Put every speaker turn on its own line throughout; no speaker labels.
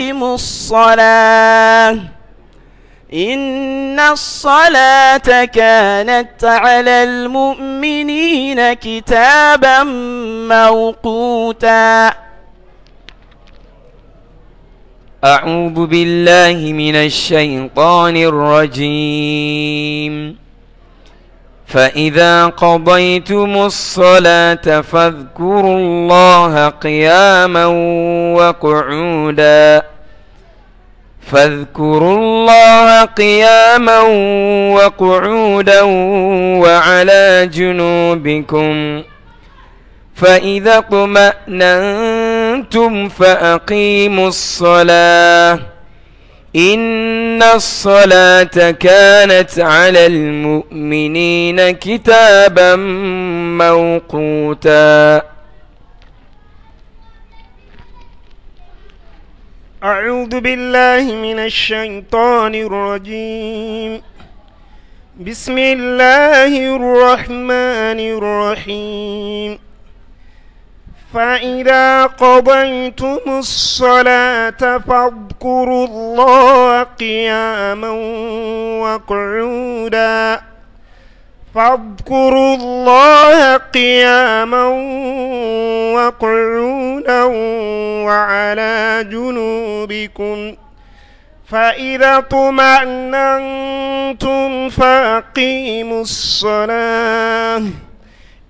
وأقموا الصلاة إن الصلاة كانت على المؤمنين كتابا موقوتا أعوذ بالله من الشيطان الرجيم فإذا قضيتم الصلاة فاذكروا الله قياما وقعودا فاذكروا الله قياما وقعودا وعلى جنوبكم فإذا اطمأننتم فأقيموا الصلاة إن الصلاة كانت على المؤمنين كتابا موقوتا أعوذ بالله من الشيطان الرجيم بسم الله الرحمن الرحيم فإذا قضيتم الصلاة فاذكروا الله قياما وقعودا فاذكروا الله قياما وقعودا وعلى جنوبكم فإذا طمأننتم فأقيموا الصلاة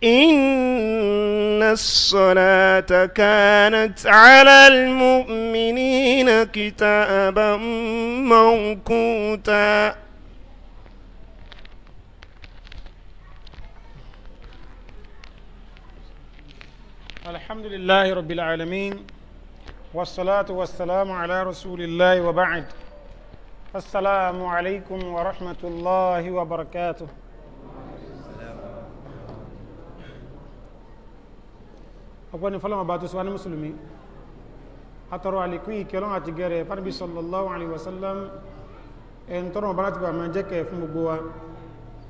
إن الصلاة كانت على المؤمنين كتابا موقوتا الحمد لله رب العالمين والصلاة والسلام على رسول الله وبعد السلام عليكم ورحمة الله وبركاته أقول فلما بعد سواء المسلمين أتروا عليكم كلام أتجاري فنبي صلى الله عليه وسلم إن ترى bá من جك في jẹ́ kẹ̀ fún gbogbo wa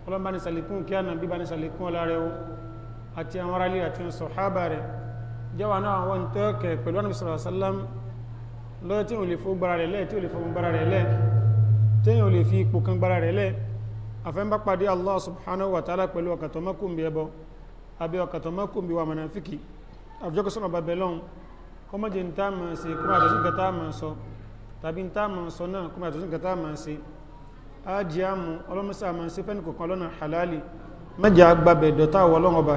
ọlọ́mbà ní sàlékún kí ànàbí àti àwọn aráàlú àti àwọn sọ̀hábà rẹ̀ jẹ́wà náà àwọn ohun tó kẹ̀ pẹ̀lú àwọn ìṣòro àṣálàm lọ́wọ́ tí ò lè fún gbára rẹ̀ lẹ́ tí ò lè fún gbára rẹ̀ lẹ́ tí ò lè fi ipò kan gbára rẹ̀ lẹ́ àfẹ́mbá pàdé Allah subhanahu wa ta'ala pẹ̀lú ọkàtọ̀mọ́kùnbí ẹbọ àbí ọkàtọ̀mọ́kùnbí wa mọ̀nàfíkì àfijọ́kọsọ́nà babylon kọmọ́jẹ ní táàmà ṣe kọmọ́ àtọ́sùn tàbí ní táàmà sọ náà kọmọ́ àtọ́sùn kẹta àmà ṣe ájì àmù ọlọ́mọsá àmà ṣe fẹ́ni kọ̀kan lọ́nà halali mẹ́jẹ agbábẹ̀ dọ̀tà wọlọ́ọ̀ba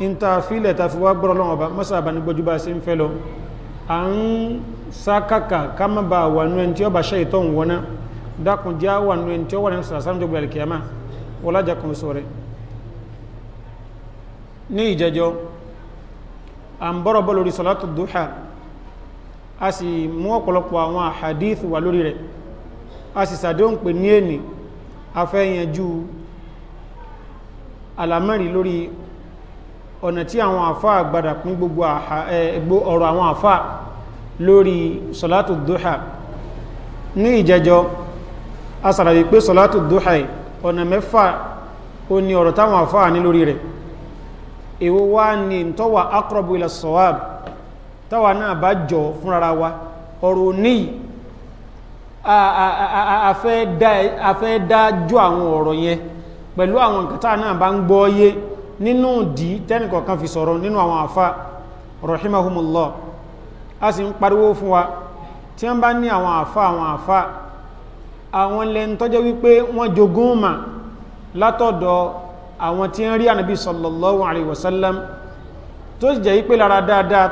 in ta filẹ̀ ta fi wá gbọ́rọ̀ lọ́wọ́ bá mọ́sá bá ní gbójú bá sí ń fẹ́ lọ à ń sákàkà ká má ba wà nú ẹni tí ó bá ṣe ìtọ́ wọn náà dákun jẹ́ wà nú ẹni tí ó wà nínú sàrásán jọ gbẹ̀rẹ̀ kìámà wọ́n lájà kan sọ rẹ̀ ní ìjẹjọ́ à ń bọ́rọ̀ bọ́ lórí sọ̀látù dúhà a sì mú ọ̀pọ̀lọpọ̀ àwọn àhàdíth wà lórí rẹ̀ a sì sàdéhùn ní èní afẹ́yànjú àlámẹ́rin lórí ọ̀nà tí àwọn àfá àgbàdà pín gbogbo ọ̀rọ̀ àwọn àfá lórí sọ̀látù dúhà ní ìjẹjọ́ a sàràbí pé sọ̀látù dúhà ọ̀nà mẹ́fà ó ní ọ̀rọ̀ táwọn àfá ní lórí rẹ̀ èwo wá ní tọ́wà akọrọ̀bù ilẹ̀ sọ̀wáb táwà náà bá jọ fúnra wa ọ̀rọ̀ ní afẹ́ dájú àwọn ọ̀rọ̀ yẹn pẹ̀lú àwọn nǹkan náà bá ń gbọ́ yé nínú dí tẹ́nìkọ̀kan fi sọ̀rọ̀ nínú àwọn àfá rahimahumullah a sì ń pariwo fún wa tí wọ́n bá ní àwọn àfá àwọn àfá àwọn lẹ́n tọ́jẹ́ wípé wọ́n jogún mà látọ̀dọ̀ àwọn tí ń rí ànàbí sallallahu alaihi wasallam tó sì jẹ́ wípé lára dáadáa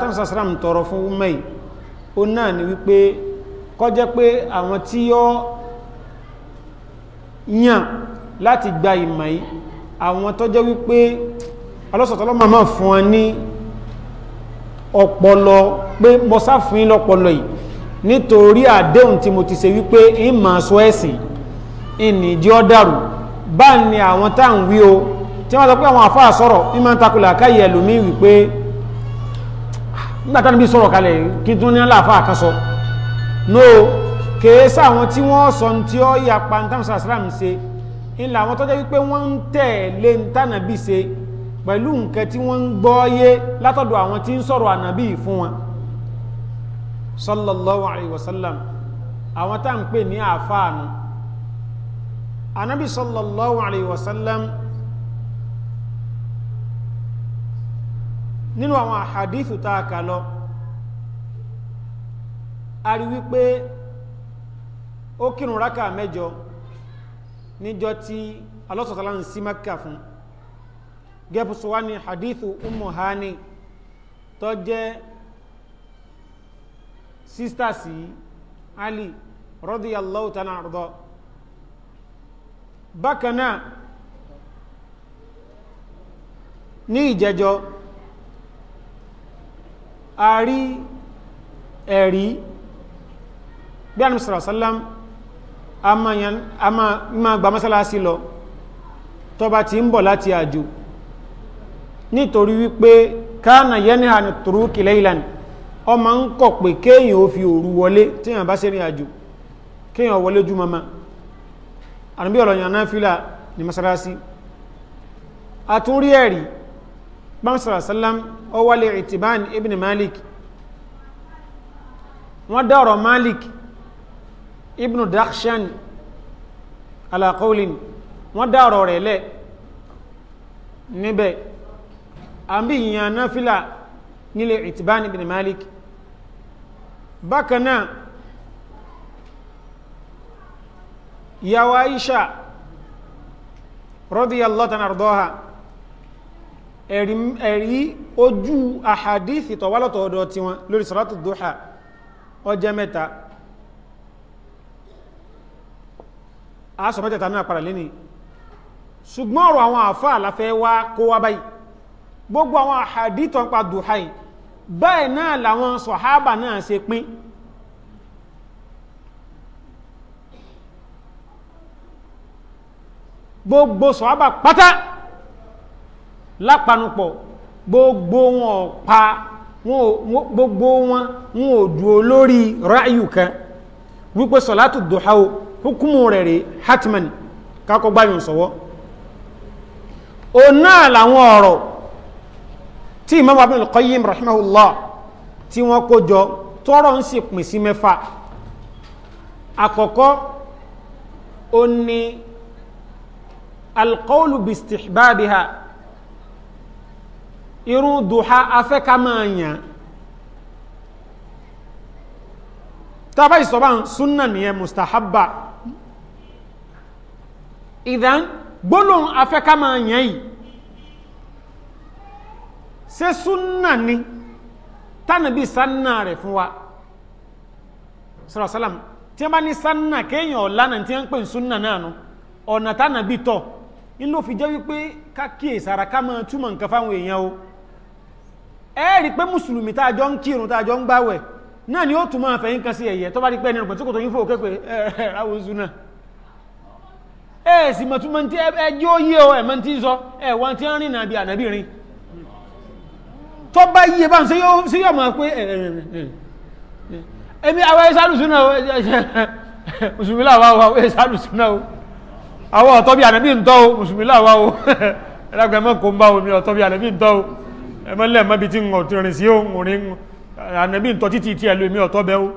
wípé alọ́sọ̀tọ́lọ́ máa máa fún wọn ní ọpọlọ pé mo sáfún lọ́pọlọ yìí nítorí àdéhùn tí mo ti ṣe wípé ń máa sọ ẹ̀sìn ìnìjí ọ dàrú bá ní àwọn tá à ń wí o tí wọ́n sọ pé àwọn àfáà sọ̀rọ̀ ń máa ń takùlà káyẹ̀ ẹlòmí wípé nígbàtá níbi sọ̀rọ̀ kalẹ̀ no kèésà àwọn tí wọ́n sọ tí ó yapa ń tàbí sàásìlámù ṣe ńlá ń tẹ̀lé ń tànàbí pẹ̀lú nǹkan tí wọ́n ń gbọ́yé látọ̀dọ̀ àwọn tí ń sọ̀rọ̀ ànábì fún wọn sallallahu alayhi wa sallam àwọn tá ń pè ní àfáànù ànábì sallallahu alayhi wa sallam nínú àwọn àhàdífù tá lọ a rí wípé ó kírun rákà mẹ́jọ níjọ́ tí alọ́sọ̀tàlá ń sí mẹ́kà fún gẹ́bùsùwání hadithu umu hani tó jẹ́ sísítà sí ali radiyallahu ta'ala arda bákan náà ní ìjẹjọ́ a rí ẹ̀rí bí anu sọ̀rọ̀ sálám a máa gba lọ tó ti ń bọ̀ láti àjò nítorí wípé káànà yẹni hàní tòrú kìlẹ̀ ìlànà ọmọ ń kọ̀ pé kéèyàn ó fi òru wọlé téèyàn bá sẹ́rìn àjò kéèyàn wọlé jú mama àrùn bí ọ̀lọ́yàn náà fílà ní masalasi àtúnrí ẹ̀rí pàmsàrásálám ọwálé ìtìbáàn ibn malik wọ́n níbẹ̀ àbí ìyàn náfìlà nílé ìtìbáni bin Malik bákan náà ìyàwó Aisha radiyallahu ta'ala ardaha ẹ̀rí ojú àhàdíìsì tọ̀wálọ̀tọ̀ ọ̀dọ̀ tí wọn lórí sọ́látù dúhà ọjẹ́ mẹ́ta a sọ mẹ́tẹ̀ta náà padà lẹ́ni ṣùgbọ́n ọ̀rọ̀ àwọn àfáà láfẹ́ wá kó wá báyìí gbogbo àwọn àhàdítọ̀ pa duhai báyìí náà làwọn sọ̀hábà náà se pín gbogbo sọ̀hábà pátá lápanupọ̀ gbogbo wọn pa gbogbo wọn wọn ò dúó ráyù kan wípé sọ̀látù o hukumu rẹ̀ rẹ̀ hatman kakọ gbáyùn o tí imam Ibn al-Qayyim rahimahullah tí wọ́n kó jọ tọ́rọ̀ ń sì pín sí mẹ́fà àkọ́kọ́ ó ní alqawlu bi istihbabiha irun duha afẹ́kamáyàn tàbá ìsọ̀bá súnnà nìyẹn mustahabba ìdán gbólóhùn afẹ́kamáyàn yìí Se súnà ni tánàbí sánà rẹ̀ fún wa sọ̀rọ̀sálàm tí wọ́n bá ní sánà kéèyàn ọ̀lànà tí wọ́n ń pè ní súnà náà nu ọ̀nà tánàbí tọ̀ inú fi jẹ́ wípé kákíyèsí ara ká máa túmọ̀ nǹkan fáwọn èèyàn o ẹ rí pé mùsùlùmí tá a jọ ń kírun tá a jọ ń gbáwẹ̀ náà ni ó tún máa sí ẹ̀yẹ tó bá rí pé ẹni tí kò tó yín fò képe ẹ súnà ẹ sì mọ̀ tún tí ẹ jẹ́ ó tí ń sọ ẹ wọ́n ń rìn nàbí ànàbí rìn tó bá yíye bá ń sí yóò sí yóò máa pé ẹ̀mí àwọn ìsàlùsúnà mùsùlùmí làwà o ìsàlùsúnà o àwọn ọ̀tọ́ bí ànàbí ń tọ́ o mùsùlùmí làwà o ẹ̀lágbẹ̀ mọ́ kó ń bá omi ọ̀tọ́ bí ànàbí ń tọ́ o ẹmọ́lẹ̀ mọ́bi tí ń ọ̀tí rìn sí o rìn ànàbí ń tọ́ títí tí ẹlú èmi ọ̀tọ́ bẹ́ o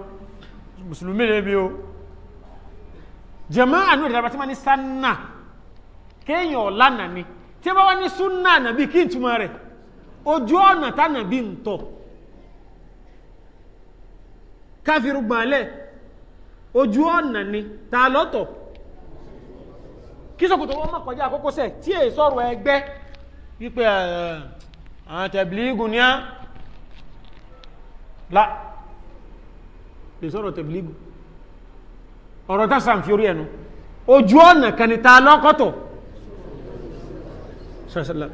ni tí wọ́n wá ní sunna ojú ọ̀nà tánà bí ń tọ̀ káfíru gbàlẹ̀ ojú ọ̀nà ni ta lọ́tọ̀ kí sọ́kùtò wọ́n mọ̀ kọjá àkókòsẹ̀ tí è sọ̀rọ̀ ẹgbẹ́ wípé àwọn tẹ̀blígùn ní á la lè sọ̀rọ̀ tẹ̀blígùn ọ̀rọ̀ tá sàm fi orí ẹnu ojú ọ̀nà kan ta lọ́kọ̀tọ̀ sọ́sọ́lá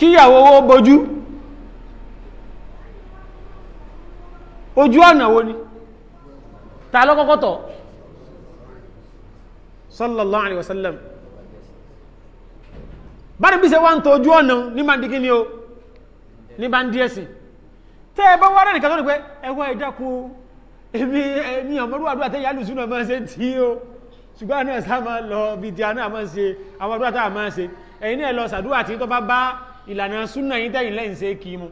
kíyàwó owó bojú ojú ọ̀nà wo ni ta lọ́kọ́kọ́ tọ̀ sallallahu alaihi wasallam bára bí se wá ń tó ojú ọ̀nà ní ma dìgí ni o ní bá ń díẹ̀ sí tẹ́ ẹ bá wá rẹ̀ nìkan tó ní pé ẹwọ́ ìdákú èmi ẹni ọmọrúwàdúwà tẹ́ yálù súnà máa ṣe tí o ṣùgbọ́n náà sá máa lọ bìdí àná máa ṣe àwọn a máa ṣe ẹ̀yin náà lọ sàdúrà tí tó bá ìlànà súnà yìí tẹ́yìn lẹ́yìn ṣe kí mu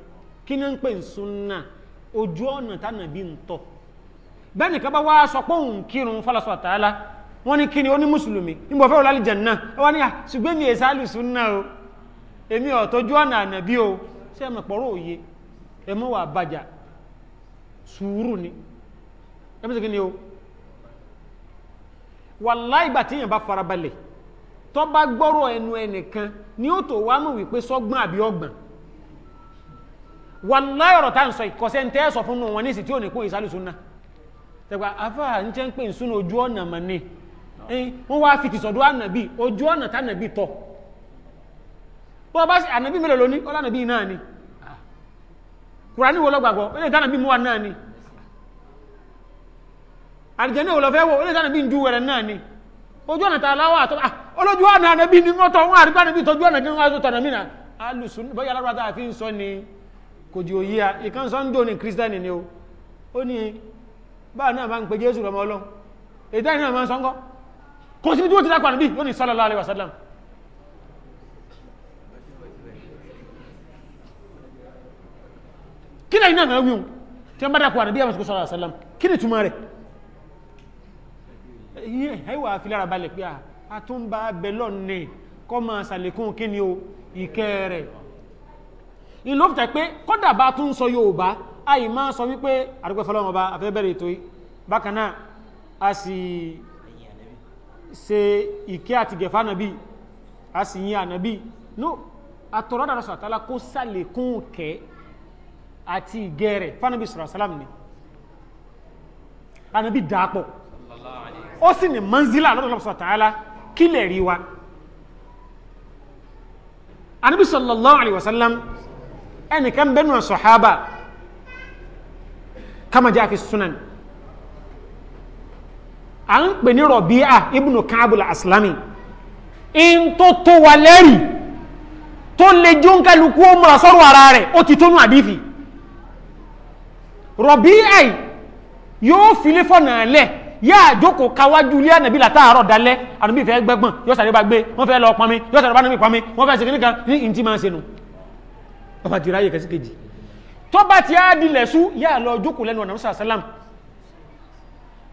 kí ni ń pè ń súnà ojú ọ̀nà tánà bí ń tọ̀ bẹ́ẹ̀ nìkan bá wá sọ pé òun kírun fọlọ́sọ àtàlá wọ́n ní kí ni ó ní mùsùlùmí níbo fẹ́ wọlé àlìjánnà ó wá ní ah, ṣùgbọ́n mi èsà lù súnà o èmi ò tọ́jú ọ̀nà ànàbí o ṣé ẹ mọ̀ pọ̀rọ̀ òye ẹ mọ̀ wà bàjá sùúrù ni ẹ mọ̀ sí kí ni o wàláì bàtíyàn bá farabalẹ̀ tó bá gbọ́rọ̀ ẹnu ẹnìkan ni ó tó wá mọ̀ wípé sọ́gbọ́n àbí ọgbọ̀n wàláhí ọ̀rọ̀ tá ń sọ ìkọsẹ́ ń tẹ́ẹ̀sọ̀ fún wọn ní ìsì tí ò ní kó ìsálùsùn náà tẹgbà afáà ń jẹ́ ń pè ń súnú ojú ọ̀nà mà ní wọ́n wá fi tìsọ̀dọ̀ ànàbí ojú ọ̀nà tánàbí tọ̀ bọ́ bá sì ànàbí mélòó ojú ọ̀nà tá láwọ́ àtọ́ olójú ọ̀nà ànábì ni wọ́n tọ́ wọn àrígbá níbi tọ́jú ọ̀nà kí wọ́n tó tọ̀nà mí náà alùsùn bọ́yá alára tá a fi sọ ni kò jì òyí a ìkan sọ ń dò ní kírísítẹ́nì ni o ó ní báà náà máa ń pe jésù rọmọ ọlọ́run èyí táyì náà máa ń sọ ń kọ́ kò síbi tí wọ́n ti dákọ̀ ànábì ó ní sallallahu alaihi wasallam àtúnbà bẹ̀lọ́ ní kọ́ máa sàlékún kí ni o ìkẹ́ rẹ̀ ìlú fìtẹ̀ pé kọ́dà bá tún sọ a àì máa sọ wípé àdúgbò fọlọ́wọn ọba afẹ́bẹ̀rẹ̀ ètò yìí bákan náà a sì ṣe ìkẹ́ àti gẹ̀fà nàbí a sì yin ànàbí no àtọ̀rọ̀ dàrọ̀ sọ̀rọ̀ àtàlà kó sàlékún kẹ́ àti ìgẹ́ rẹ̀ fánàbí sọ̀rọ̀ sálàm ó sì ní manzila lọ́dọ̀ lọ́pọ̀ sọ̀tàálá kí lè rí wa anabi sallallahu alaihi wasallam ẹnìkan bẹnu sọhábà kama jẹ́ àfi sunan à ń pè ní rọ̀bíà ibnu kábùlà aslami in tó tó wà lẹ́rì tó lè jó ń kálukú ó múra sọ́rọ̀ ara rẹ̀ ó ti tónú àdífì rọ̀bíà yóò filé fọ́nà lẹ́ẹ̀ yá àjókò kawájú ilé ànàbí látàárọ̀ dalẹ́ ànàbí fẹ́ gbẹ́gbọ̀n yóò sàrẹ́ bá gbé wọ́n fẹ́ lọ pọnmi yóò sàrẹ́ bá nàbí pọnmi wọ́n fẹ́ sèkìní kan ní ìntì máa ń senu ọba ti ráyè kẹsí kejì tó bá ti á sú yá lọ jókòó lẹ́nu ọ̀nà musa salam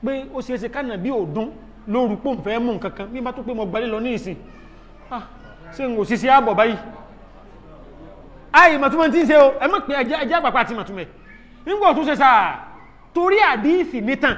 pé ó ṣe é ṣe kánà bí òdún lóru pò ń fẹ́ mú nǹkan kan bí má tó pé mo gbalé lọ ní ìsìn ah ṣé n kò ṣiṣẹ́ àbọ̀ báyìí ayé màtúmọ̀ tí ń ṣe o ẹ má pé ẹjẹ́ àpapọ̀ àti màtúmọ̀ nígbà tó ṣe sáà torí àdíìsì nítàn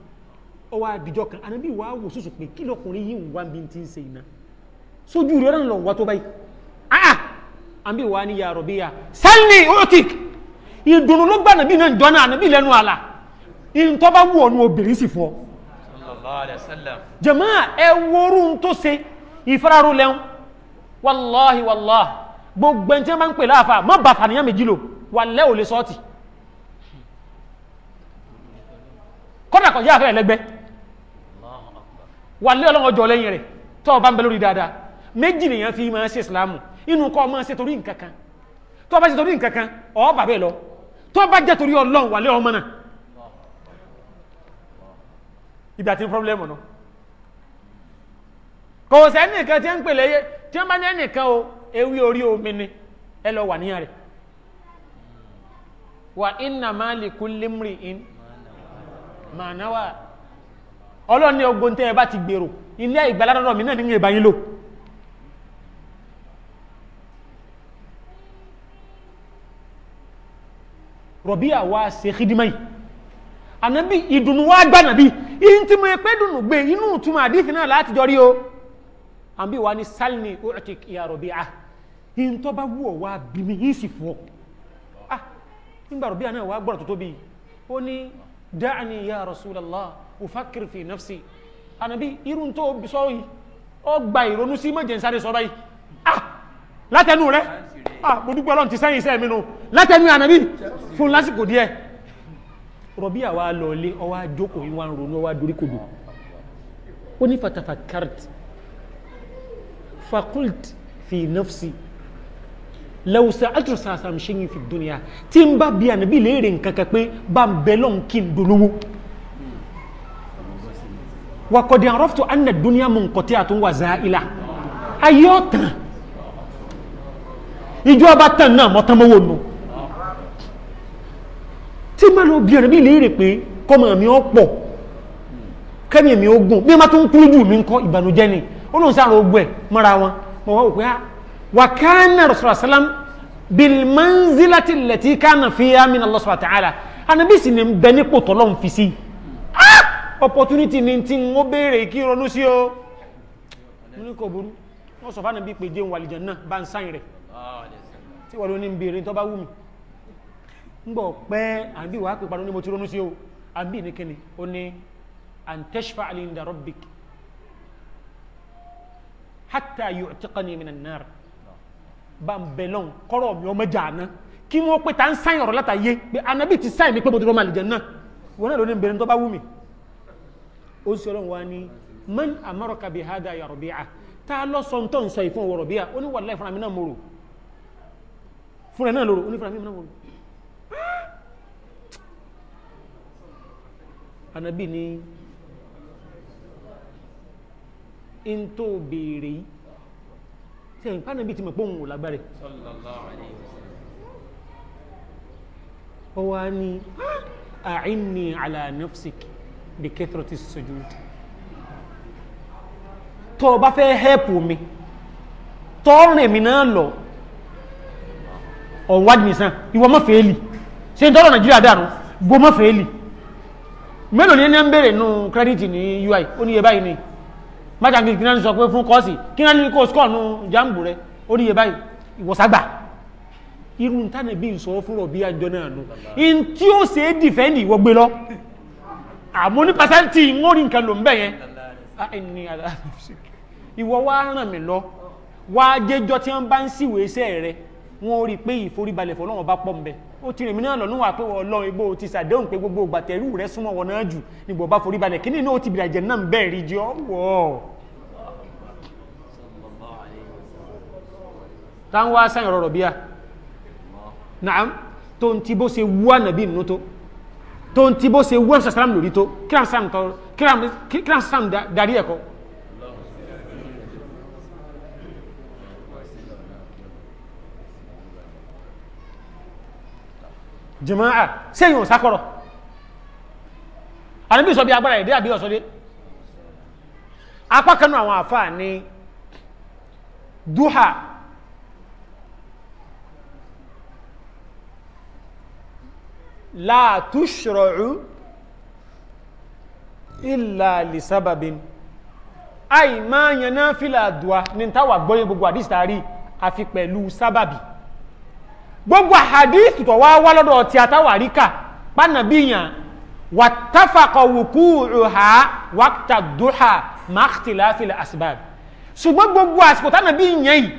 ọwọ́ àdìjọ kan ànábì wà á wò sùsù pé kí lọkùnrin yìí ń wá bí ti ń ṣe iná sójú rẹ̀ ràn lọ wá tó báyìí ah, ah! ànábì wà á ní yàrá bí yà sẹ́ni otik ìdùnnú ló gbà ànábì náà dọ́nà ànábì lẹ́nu àlà ìntọ́ bá wù ọ̀nù obìnrin sì fọ́ jẹ̀mọ́ ẹ worú tó ṣe ìfararó lẹ́hún wàláhi wàláhi gbogbo ẹni tí wọ́n máa ń pè láàfà mọ́ bàtà níyàn méjì lò wà lẹ́ ò sọ́ọ̀tì kọ́dà kọjá àfẹ́ ẹ̀lẹ́gbẹ́ wà lé ọlọ́run ọjọ́ lẹ́yìn rẹ̀ tó bá ń bẹ lórí dáadáa méjì nìyẹn fi máa ṣe ìsìláàmù inú kọ́ máa ṣe torí nǹkan kan tó bá ṣe torí nǹkan kan ọ̀ bàbẹ́ lọ tó bá jẹ́ torí ọlọ́run wà ọmọ náà ibi àti pọ́blẹ́mù náà kò sẹ́nìkan tí ń pè lẹ́yẹ tí wọ́n bá ní ẹnìkan o ewé orí omi ni ẹ lọ wà níyàn rẹ̀ wà inna máa in mànáwà ọlọ́run ní ogun tẹ́ ẹ bá ti gbèrò ilé ìgbàládọ́dọ̀ mi náà ní ìbá yín lò rọ̀bíà wá ṣe hídímá yìí ànábì ìdùnnú wá gbà nàbí yìí tí mo pé dùnnú gbé inú ìtumọ̀ àdífì náà láti jọrí o àbí wa ní sálni ọ̀tí ìyá rọ̀bíà yìí tó bá wù ọ́ wá bí mi yìí sì fún ọ ah, nígbà rọ̀bíà náà wá gbọ́dọ̀ tó tóbi ó ní dáàni ya Rasulullah ufakir fi nafsi anabi irun tó sọ yìí ó gba ìrònú sí méje sáré sọ báyìí ah látẹnu rẹ ah mo dúpẹ́ ọlọ́run ti sẹ́yìn iṣẹ́ mi nu látẹnu anabi fún lásìkò díẹ̀ rọ̀bí àwa lọ́ọ́lé ọwá jókòó ìwà ń ronú ọwá dorí kodò ó ní fatafakart fakult fi nafsi lẹ́wọ̀sẹ̀ altrasasam ṣe yìí fi dúnìá tí ń bá bí anabi léèrè nǹkan kan pé bá ń bẹ kí n dolówó wakọ̀dì àrọ́fùtù anna dúníà mú nkọ̀tí àtún wà záà ilá ayé ọ̀tàn ìjọ ọba tàn náà mọ́tánmọ́wò nù tí má lọ bí ẹ̀rẹ̀bí lè rè pé kọmọ mi ó pọ̀ kẹ́mi mi ó gùn bí má tó ń kúrú jù mí ń kọ́ ìbànújẹ́ ni ó lóun sáà ogun ẹ̀ mọ́ra wọn mọ́ wá òpin ah, wa kana rasulullah sallam bil manzilati allati kana fiha min Allah subhanahu anabi sì ní bẹ nípò tọ́lọ́ opportunity ni tí ń ó béèrè kí ronú sí o mú ní kò burú wọ́n sọ fánà bí pé jẹun wàlìjọ náà bá ń sáyìn rẹ̀ tí wọ́n ló ní béèrè tó bá wù mí ń bọ̀ pẹ́ àbí wàá pè padà ní mo ti ronú sí o àbí ní kíni ó ní antashfa alinda rabbik hatta yu'tiqani minan nar bá ń bẹ̀ lọ́n kọ́rọ̀ mi ọmọ jà náà kí wọ́n pè ta ń sáyìn ọ̀rọ̀ látàyé pé anabi ti sáyìn mi pé mo ti rọ́ màlìjọ náà wọ́n náà ló ní tó bá wù mí ó sì ọlọ́run wa ní man amaraka bi hada ya Rabi'a ta lọ sọ ń tọ́ ń sọ ìfún ọwọ́ Rabi'a ó ní wallahi fúnra mi náà mòrò fúnra náà lòrò ó ní fúnra mi náà mòrò anabi ni in tó béèrè yìí tí ẹ̀yìn pánà bí ti mọ̀ pé òun ò lágbára ní a'inni ala bikẹ́tọ̀rọ̀tì sojúd tó o bá fẹ́ hẹ́pù mi tó rìn mí náà lọ ọ̀wádìí nìsan ìwọ mọ́ fèélì ṣe ń tọ́rọ̀ nàìjíríà dànù gbọ́ mọ́ fèélì mélòó ní ẹni ń bèrè nù kírẹ́dìtì ní ui ó ní iye báyìí ni májàngí kí náà sọ pé fún kọ́ọ̀sì kí náà ní kó skọ́ nù jambu rẹ ó ní iye báyìí ìwọ̀ságbà irú ntánà bí n sọ fún rọ̀bí àjọ náà nù in tí ó ṣe é dìfẹ́ndì ìwọ gbé lọ àmọ́ ní pàṣẹ́ntì ń rí nǹkan ló ń bẹ̀ yẹn ah, ẹni ìwọ wá ràn mí lọ wá jẹjọ tí wọn bá ń síwò iṣẹ́ rẹ wọn rí i pé ìforíbalẹ̀ fọlọ́wọ́n bá pọ̀ mbẹ́ ó ti rìn mí náà lọ́nà wà pé wọ́n lọ igbó ti ṣàdéhùn pé gbogbo gbàtẹ́rù rẹ súnmọ́ wọn náà jù nígbà bá foríbalẹ̀ kí nínú ó ti bìrì àjẹ́ náà ń bẹ́ẹ̀ rí jọ wọ́. táwọn wá sáyìn ọ̀rọ̀ bíà nàám tó ń ti bó se wú ànàbí nínú tó tó ń ti bó ṣe wọ́n sàsàrám lórí tó kíram sàm darí ẹ̀kọ́ jùmọ́à sẹ́yìn òsákọ̀rọ̀ àníbí sọ bí agbára ìdí àbí ọ̀sọ́dé apákanú àwọn àfáà ni duha láàtúṣọ̀rọ̀rù ìlàlìsábàbìn àì máa yẹn náà fílà àdúwà ní táwà gbọ́yẹ gbogbo àdísì tàrí àfi pẹ̀lú sábàbì gbogbo àdísì tọ̀wá wá lọ́dọ̀ ti àtàwà ríkà pánàbíyàn wàtàfàkọ̀ wùkú rùhà wàtà dùhà máàtìlá fílà àsìbàbì ṣùgbọ́n gbogbo àsìkò tánàbí yẹn yìí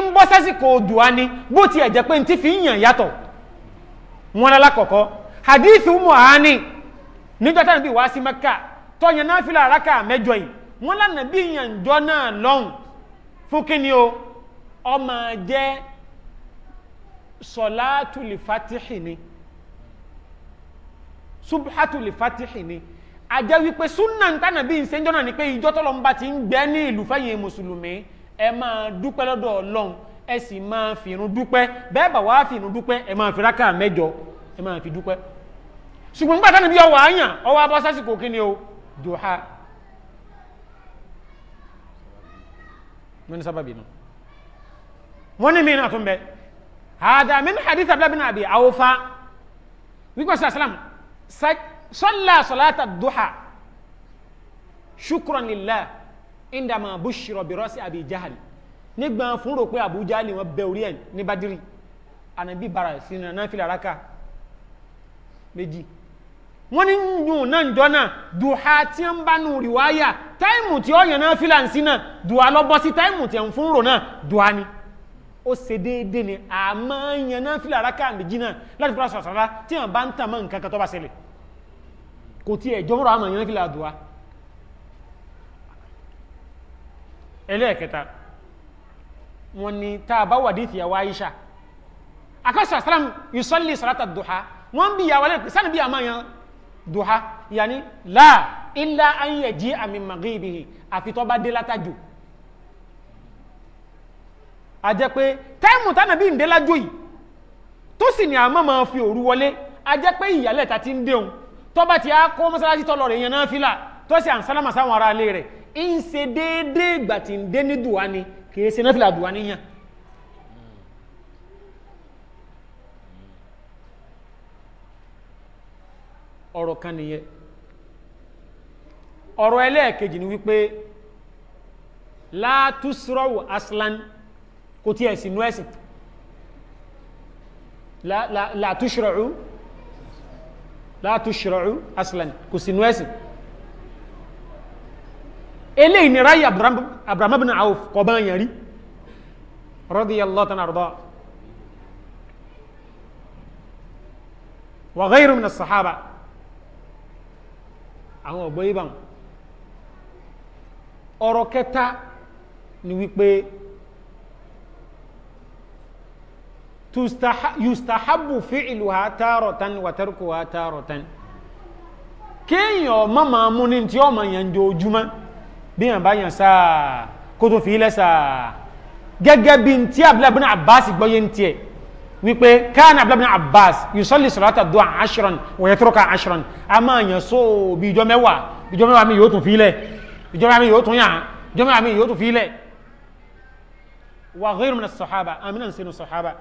ń bọ́ sásìkò dùwà ni bó ti ẹ̀jẹ̀ pé ní ti fi yàn yàtọ̀ wọn lálákọ̀ọ́kọ́ Hadithu umu ani níjọ́ tá nàbí wá sí maka tọ́yẹn náà fi làrákà mẹ́jọ yìí wọ́n lànà ìyànjọ́ náà lọ́hùn fún kíni o ọmọ jẹ́ sọ̀látùlì ni subhatùlì fatihi ni àjẹ́ wípé súnà ń tànà bí ìṣẹ́jọ́ náà ni pé ìjọ́ tọ́lọ́ ń bá ti ń gbẹ́ ní ìlú fẹ́yìn mùsùlùmí ẹ máa dúpẹ́ lọ́dọ̀ ọlọ́run ẹ sì máa fìrun dúpẹ́ bẹ́ẹ̀ bá wàá fìrun dúpẹ́ ẹ máa fi rákà mẹ́jọ ẹ máa fi dúpẹ́ ṣùgbọ́n gbàtà níbi ọwọ́ àyàn ọwọ́ abọ́ sásìkò kí ni o duha mẹ́ni sábàbí nù wọ́n ní mìíràn tún bẹ́ hada min hadith abdullahi bin abi awfa wípé sàlám sọ́lá sọ́láta duha ṣukran lillah indama bushiro birosi abi jahal nígbà fún rò pé abu jahal wọn bẹ orí ẹ ní badiri anabi bara sínú náà fi làrákà méjì wọ́n ní yùn náà jọ náà dùhà tí ń bá nù rìwáyà táìmù tí ó yàn náà fílànsì náà dùhà lọ bọ́ sí táìmù tí ń fún rò náà dùhà ni ó ṣe déédéé ni àmọ́ yàn náà fílà rákà méjì náà láti fúra sọ̀sọ̀rá tí wọ́n bá ń tàn mọ́ nǹkan kan tó bá ṣẹlẹ̀ kò tí ẹ̀ jọmọ́rọ̀ àmọ́ yàn fílà dùhà ẹlẹ́ẹ̀kẹta wọ́n ní tá a bá wà dé ìfìyàwó Aisha akásà sàlám yusalli salata dùhà wọ́n bí yàwó lẹ́nu sáà duha yanni la illa an yaji'a min maghribihi àfi tó bá dé látàjò a jẹ́ pé táìmù tánàbí ń dé lájò yìí tó sì ní àmọ́ máa fi òru wọlé a jẹ́ pé ìyálẹ̀ ta ti ń déhùn tó bá ti á kó mọ́sálásí tọ́lọ̀ rẹ̀ yẹn náà fílà tó sì à ń sálámà sáwọn ará ilé rẹ̀ ń ṣe déédéé ìgbà ń dé ní dùwá ni kì í ṣe náà fìlà dùwá níyàn ọ̀rọ̀ kan nìyẹn ọ̀rọ̀ ẹlẹ́ẹ̀kejì ni wípé látúsírọ̀wù aslan kò tí ẹ̀sìn inú ẹ̀sìn látúsírọ̀wù látúsírọ̀wù aslan kò sí inú ẹ̀sìn eléyìí ni ráyè Abraham ibn Auf kọ bá yẹn rí radiyallahu ta'ala arda wa ghayru min as àwọn ọ̀gbọ́n yìí bàn ọ̀rọ̀ kẹta ni wípé yustahabu fi'lu ha taratan wa tarku ha taratan kéèyàn ọmọ máa mú ní tí ọmọ yẹn ń dojúmọ́ bí yàn bá yàn sáà kó tó fi ilẹ̀ gẹ́gẹ́ bí tí abúlé abúlé Abbas gbọ́yé ń tiẹ̀ wípé káàna abdullahi bin abbas yusalli salata du'a ashran wa yatruka ashran a máa yàn so bí ìjọ mẹ́wàá ìjọ mẹ́wàá mi yóò tún fílẹ̀ ìjọ mẹ́wàá mi yóò tún yàn ìjọ mẹ́wàá mi yóò tún fílẹ̀ wa ghayru min as-sahaba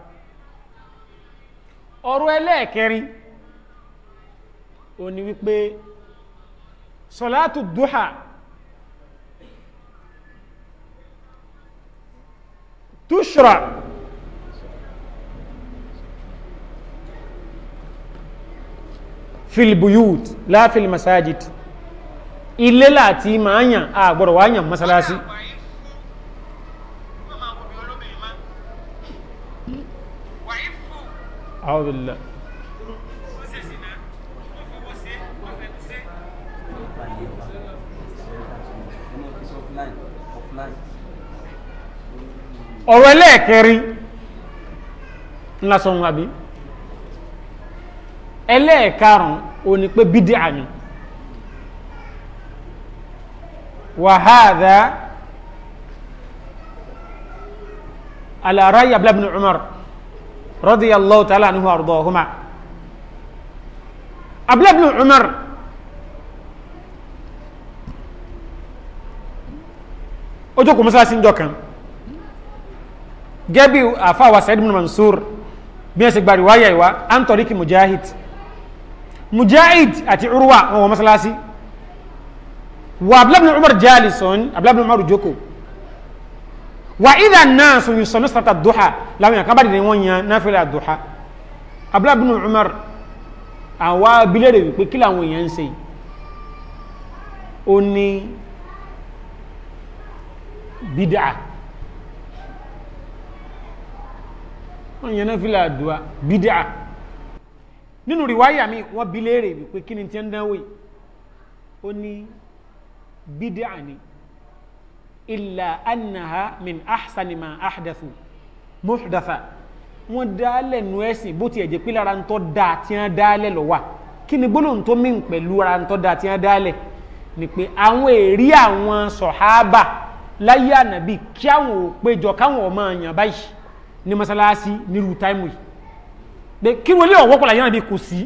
salatu duha tushra filibuyut láfil masajid ilé láti máa yàn àgbọ̀rọ̀ wá yàn masalasi àwọ̀bìlá ọ̀rọ̀ ẹlẹ́ẹ̀kẹrin ńlá sọ́run àbí ẹlẹ́ẹ̀karùn ó ní pé bídíà ni wàhádà alàráyà abúlábìn umar radiyallahu ta'ala anhu àrùdọ̀húnmá abúlábìn umar ó jókòó mọ́sálásí ń jọ kan gẹ́bí àfáwà sa'id bin mansur bí ẹ sì gbàríwáyà ìwá antoriki mujahid mujahid àti urwa wọn wọ masalasi wa abúlábìnrin umar jalison abúlábìnrin umar joko wa idha an-nasu yusalluna salata duha láwọn yàkan bá dìde wọn yan nafila duha abúlábìnrin umar àwọn abilé rẹ̀ wípé kí làwọn èèyàn ń ṣe ó ní wọn yan nafila duha bídà nínú rìwáyà mi wọ́n bi léèrè wípé kí ni tí ń dánwò yìí ó ní bídíà ni illa annaha min ahsani ma ahdathu muhdatha wọ́n dálẹ̀ nu ẹ̀sìn bó tiẹ̀ jẹ́ pé lára ń tọ́ da tí wọ́n dálẹ̀ lọ wà kí ni gbólóhùn tó mí pẹ̀lú ara ń tọ́ da tí wọ́n dálẹ̀ ni pé àwọn èrí àwọn sọ̀hábà láyé ànàbì kí àwọn ò káwọn ọmọ àyàn báyìí ní mọ́sálásí nírú táìmù yìí pé kí wọlé ọ̀wọ́ pọ̀lá yánà bí kò sí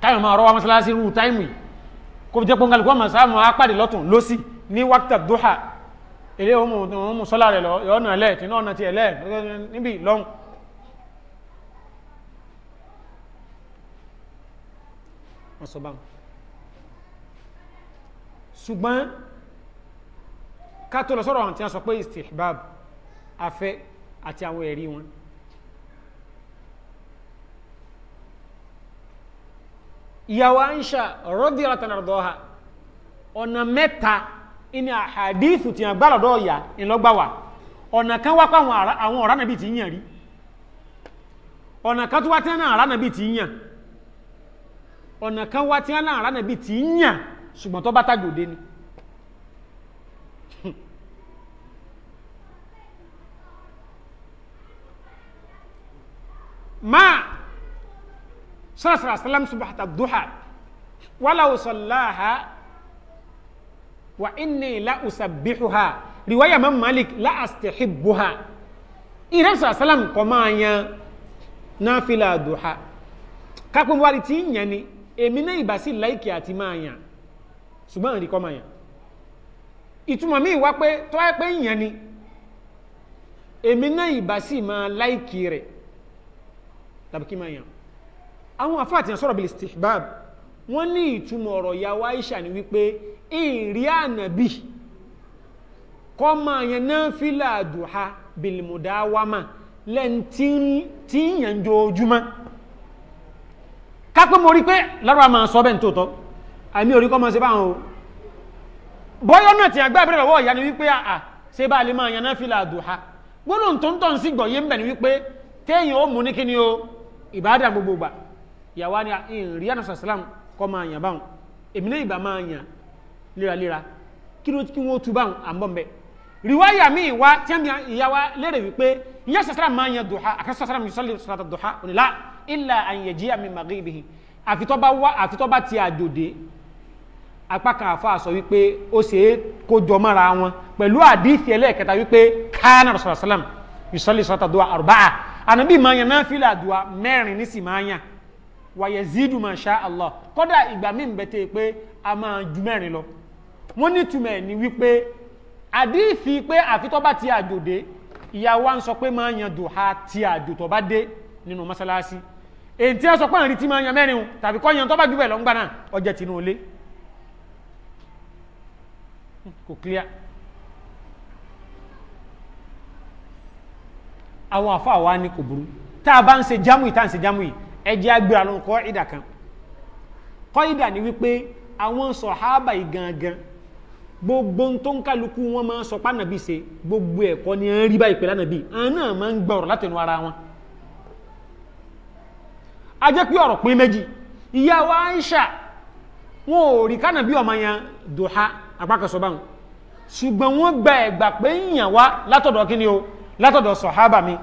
táyọ̀ máa rọwà mọ́sálásí rú táìmù kò jẹ́ pọ́n kálukú ọmọ sáàmù apáde lọ́tún lọ́sí ní wákìtà dóhà ilé ọmọ sọ́lá rẹ̀ lọ́nà ẹ̀lẹ́ tìǹà ọ̀nà ti ẹ̀lẹ́ níbi lọ́hùn ṣùgbọ́n ká tó lọ sọ́rọ̀ àwọn tí wọ́n sọ pé istihbab afẹ́ àti àwọn ẹ̀rí wọn ìyàwó Aisha radiyallahu anha ọ̀nà mẹ́ta ìní àhàdíìfù tí wọ́n gbàlọ́dọ̀ ọ̀yà ńlọ́gbà wà ọ̀nà kan wá pàwọn àwọn ọ̀rá nàbí ti yàn rí ọ̀nà kan tó wá tí wọ́n náà ọ̀rá nàbí ti yàn ọ̀nà kan wá tí wọ́n náà nàbí ti yàn ṣùgbọ́n tó bá tàjòdé ni. máa sọ́nà sàlám subhata duha wàláwù sọ̀láha wà inni la usabbihuha riwaya man malik la astihibbuha ìrẹ́ sọ̀rọ̀ sàlám kọ́ máa yan náfìlà duha kápẹ́ wárí tí ń yàn ni èmi náà ìbá sí láìkì àti máa ṣùgbọ́n àríkọ́ máa ìtumọ̀ mi wá pé tó wáyé pé ń yàn èmi náà ìbá sí máa láìkì rẹ̀ tàbí kí máa yàn àwọn àfáà tí ń sọ̀rọ̀ bil istihbab wọ́n ní ìtumọ̀ ọ̀rọ̀ ya wa Aisha ni wípé ìrì ànàbì kọ́ máa yan nafila duha bil mudawama lẹ́n tí ń yàn jojúmọ́ kápẹ́ mo rí pé lára máa sọ bẹ́ẹ̀ tóòtọ́ àmì orí kọ́ máa ṣe báwọn o bọ́yọ́ náà ti àgbà ìbẹ̀rẹ̀ lọ́wọ́ ìyá ni wípé àà ṣe bá lè máa yan nafila duha gbọ́dọ̀ tó ń tọ́ sí gbọ̀yé ń bẹ̀ ni wípé téèyàn ó mú ní kíni o ìyàwó ni ìrìn àdàsọ sàlám kọ́ máa yàn báwọn èmi náà ìbá máa yàn léraléra kí ló kí wọ́n tu báwọn à ń bọ̀ mbẹ́ riwaya mi wa tẹ́mi ìyàwó lérè wípé ìyá sàlám máa yàn dùhà àkàsọ sàlám yìí sọ́lẹ̀ sọ́lẹ̀ dùhà onílà ìlà àyẹ̀jì àmì màgìbìhì àfitọ́ba wá àfitọ́ba ti àjòdè apá kan àfa sọ wípé ó ṣe é kójọ mọ́ra wọn pẹ̀lú àdífì ẹlẹ́ẹ̀kẹta wípé káánà rasulallah yusalli sọ́tà dùwà àrùbáà ànábì máa yan náà fílà wàyẹ̀zídù ma ṣá Allah kọ́dà ìgbà mí ń bẹ̀tẹ̀ pé a máa ju mẹ́rin lọ wọ́n ní túmẹ̀ ní wípé àdífi pé àfitọ́ bá ti àjò dé ìyá wa ń sọ pé máa yan dùhà ti àjò tó bá dé nínú mọ́sálásí èyí tí a sọ pé àrìn tí máa yan mẹ́rin o tàbí kọ́ yan tó bá jùbẹ̀ náà ọjẹ́ tinú ilé kò clear àwọn àfa wa ní kò burú tá a bá ń ṣe jámù yìí tá a ń ṣe jámù yìí ẹjẹ́ agbèrè àlọ́ kọ́ ìdà kan kọ́ ìdà ni wípé àwọn sọ̀hábà ìgangan gbogbo tó ń kálukú wọn máa ń sọ se ṣe gbogbo ẹ̀kọ́ ni ń rí báyìí pẹ̀lú ànàbí àwọn náà máa ń gba ọ̀rọ̀ látẹnu ara wọn a jẹ́ pé ọ̀rọ̀ pín méjì ìyá wa Aisha wọn ò rí kánàbí ọmọ yẹn dùhá apákasọ báwọn ṣùgbọ́n wọ́n gba ẹ̀gbà pé ń yàn wá látọ̀dọ̀ kí ni o látọ̀dọ̀ sọ̀hábà mi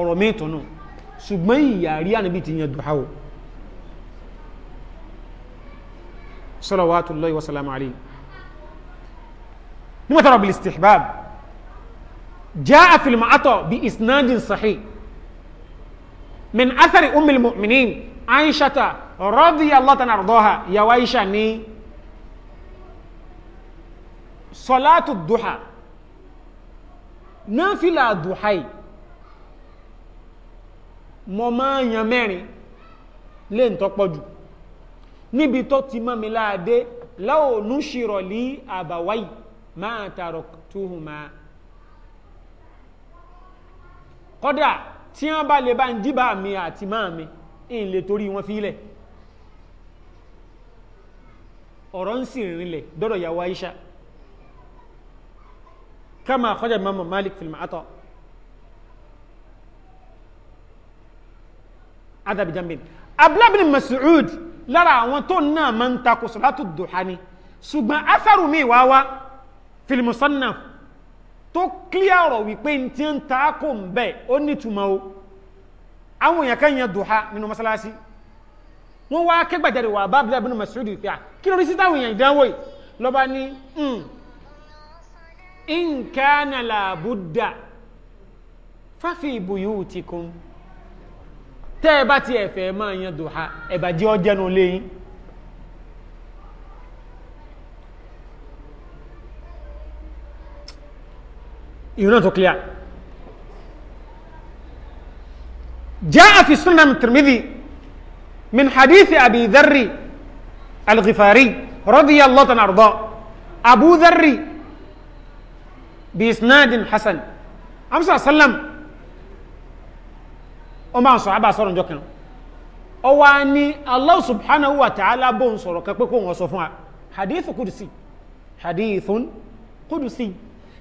ọ̀rọ̀ mi tọ̀nà ṣùgbọ́n ìyàrí ànábì ti yan duha o salawatullahi wa salamu alayhi nígbà tọrọ bil istihbab jaa fil ma'ata bi isnadin sahih min athari ummil mu'minin aishata radiyallahu ta'ala mọ máa yan mẹ́rin lè ń tọ́pọ̀ jù níbi tó ti mọ́ mi láàdé láò nú ṣìrọ̀lì àbàwáyì máa tààrọ̀ túhùn máa kọ́dà tí wọ́n bá lè bá ń jíbà mi àti máa mi ń lè torí wọn fílẹ̀ ọ̀rọ̀ ń sì rinlẹ̀ dọ́dọ̀ yàwó Aisha kama kọjá Imam Malik fil adàbí jambin abúlábìnì Mas'ud lára àwọn tó náà máa ń takò sọ̀látù dùhà ni ṣùgbọ́n afẹ́rù mi wá wá fil musannaf tó kílíà ọ̀rọ̀ wípé n ti ń ta kò ń bẹ̀ ó nítumọ̀ o àwọn èèyàn kan yan dùhà nínú mọ́sálásí wọ́n wá kẹ́gbàjáde wà bá abúlábìnì Mas'ud wípé à kí lórí sí táwọn èèyàn ìdánwò yìí lọ́ba ní hmm, in kana la budda fafi buyutikum tẹ́ ẹ bá ti ẹ̀fẹ̀ máa yan dùhà léyìn tó جاء في سنة الترمذي من حديث أبي ذر الغفاري رضي الله عنه أرضاه أبو ذر بإسناد حسن أمس صلى الله عليه وسلم wọ́n bá ń sọ àbá sọ́rọ̀ jọkàn ọ wá ní Allah subhanahu wa ta'ala bó ń sọ̀rọ̀ kan pé kó wọ́n sọ fún wa hadithu kudusi hadithun kudusi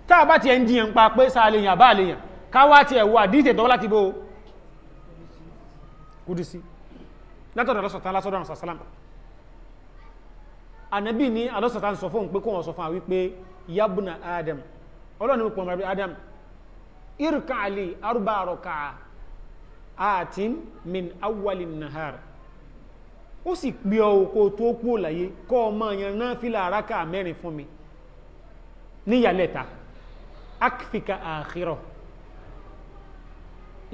tá a bá ti ẹ̀ ń jiyàn pa pé sáà lèyàn àbá lèyàn káwá ti ẹ̀wọ́ àdíṣẹ́ tọ́wọ́ láti bó kudusi látọ̀dọ̀ lọ́sọ̀tán lásọ̀dọ̀ àwọn àti min awwali nahar ó sì ọ kó tó kú òláyé kọ́ ọmọ yẹn náà fílà àrákà mẹ́rin fún mi níyàlẹ́ta akfika àkírọ̀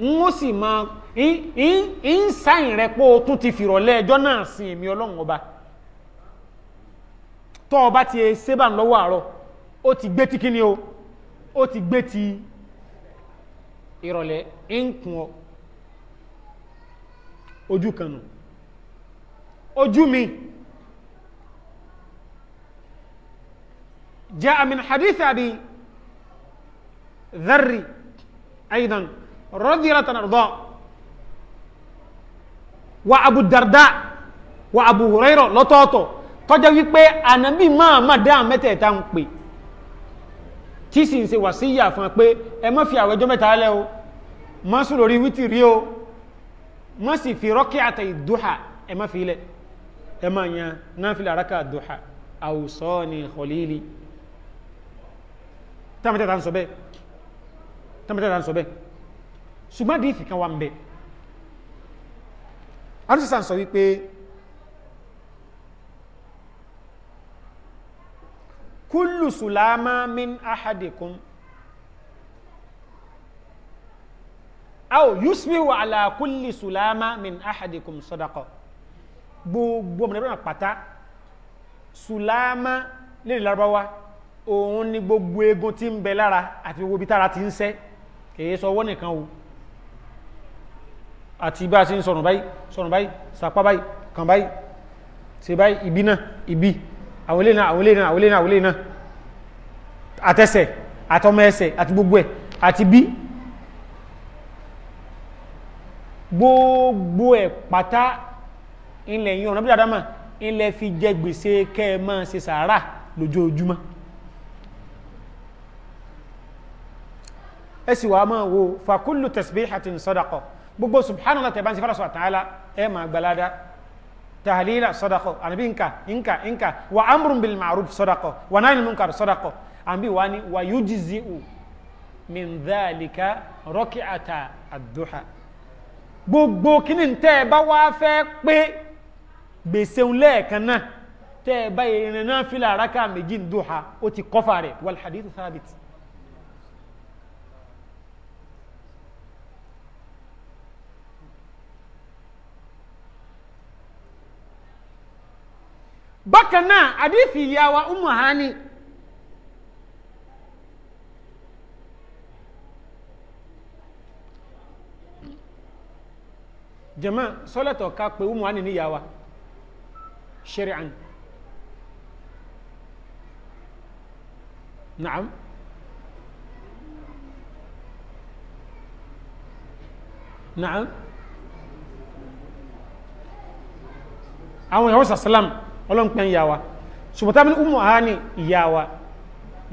n ó sì máa ń sáyìn tún ti fìrọ̀lẹ́ ẹjọ́ náà sin èmi ọlọ́run ọba tọ́ ọba ti lọ́wọ́ àárọ̀ ó ti gbé ti o ó ti gbé ti ìrọ̀lẹ́ ojú kanù ojú mi جاء من حديث أبي ذر أيضا رضي الله عنه أرضاه وأبو الدرداء وأبو هريرة لطاطو tọ́jọ́ wípé ànábì máa máa dá mẹ́tẹ̀ẹ̀ta ń pè tí sì ń ṣe wà sí ìyà fún pé ẹ má fi àwẹjọ́ mẹ́ta lẹ́ o má wítìrí o wọ́n sì fi rọ́kì àtàyè dùhà ẹ má filẹ̀ ẹ má yan náfìlà àràkà dùhà àwùsọ ni khalili tàmítàtà ń sọ bẹ́ẹ̀ tàmítàtà ń sọ bẹ́ẹ̀ ṣùgbọ́n dìí fìkan wa ń bẹ arúsísà ń sọ wípé kullu sulama min ahadikum aw yusbihu ala kulli sulama min ahadikum sadaqa gbogbo ọmọdé náà pátá sulama lè larabawa òun ni gbogbo egun tí ń bẹ lára àti gbogbo ibi tára ti ń sẹ kìí sọ ọwọ́ nìkan o àti bá a ṣe ń sọ̀rọ̀ báyìí sọ̀rọ̀ báyìí sàpá báyìí kàn báyìí ṣe báyìí ibi náà ibi àwọn náà àwọn náà àwọn náà àwọn náà àtẹsẹ̀ àtọmọ ẹsẹ̀ àti gbogbo ẹ̀ àti bí gbogbo ẹ̀ pátá ilẹ̀ yìí ọ̀nà bí dáadáa mà ilẹ̀ fi jẹ gbèsè kẹ́ ẹ máa ṣe sàárà lójoojúmọ́ ẹ sì wàá máa wo fàkúlù tasbihatin sadaqa gbogbo subhanallah tẹ̀ bá ń ṣe fara sọ àtàlá ẹ máa gbalada tahlila sadaqa anabi min dhalika rak'ata ad gbogbo kíní tẹ́ ẹ bá wá fẹ́ pé gbèsè ń lẹ́ẹ̀kan náà tẹ́ ẹ bá ìrìn náà fìlà àràkà méjì ń ó ti kọ́fà rẹ̀ wal hadith thabit. bákan náà àdífì jama sọ́lẹ̀tọ̀ ká pé umu hàní níyàwá shari'an na'am na'am àwọn ìyàwó sàsálàm ọlọ́npẹ́ ìyàwá ṣùgbọ́n tábí umu hàní ìyàwá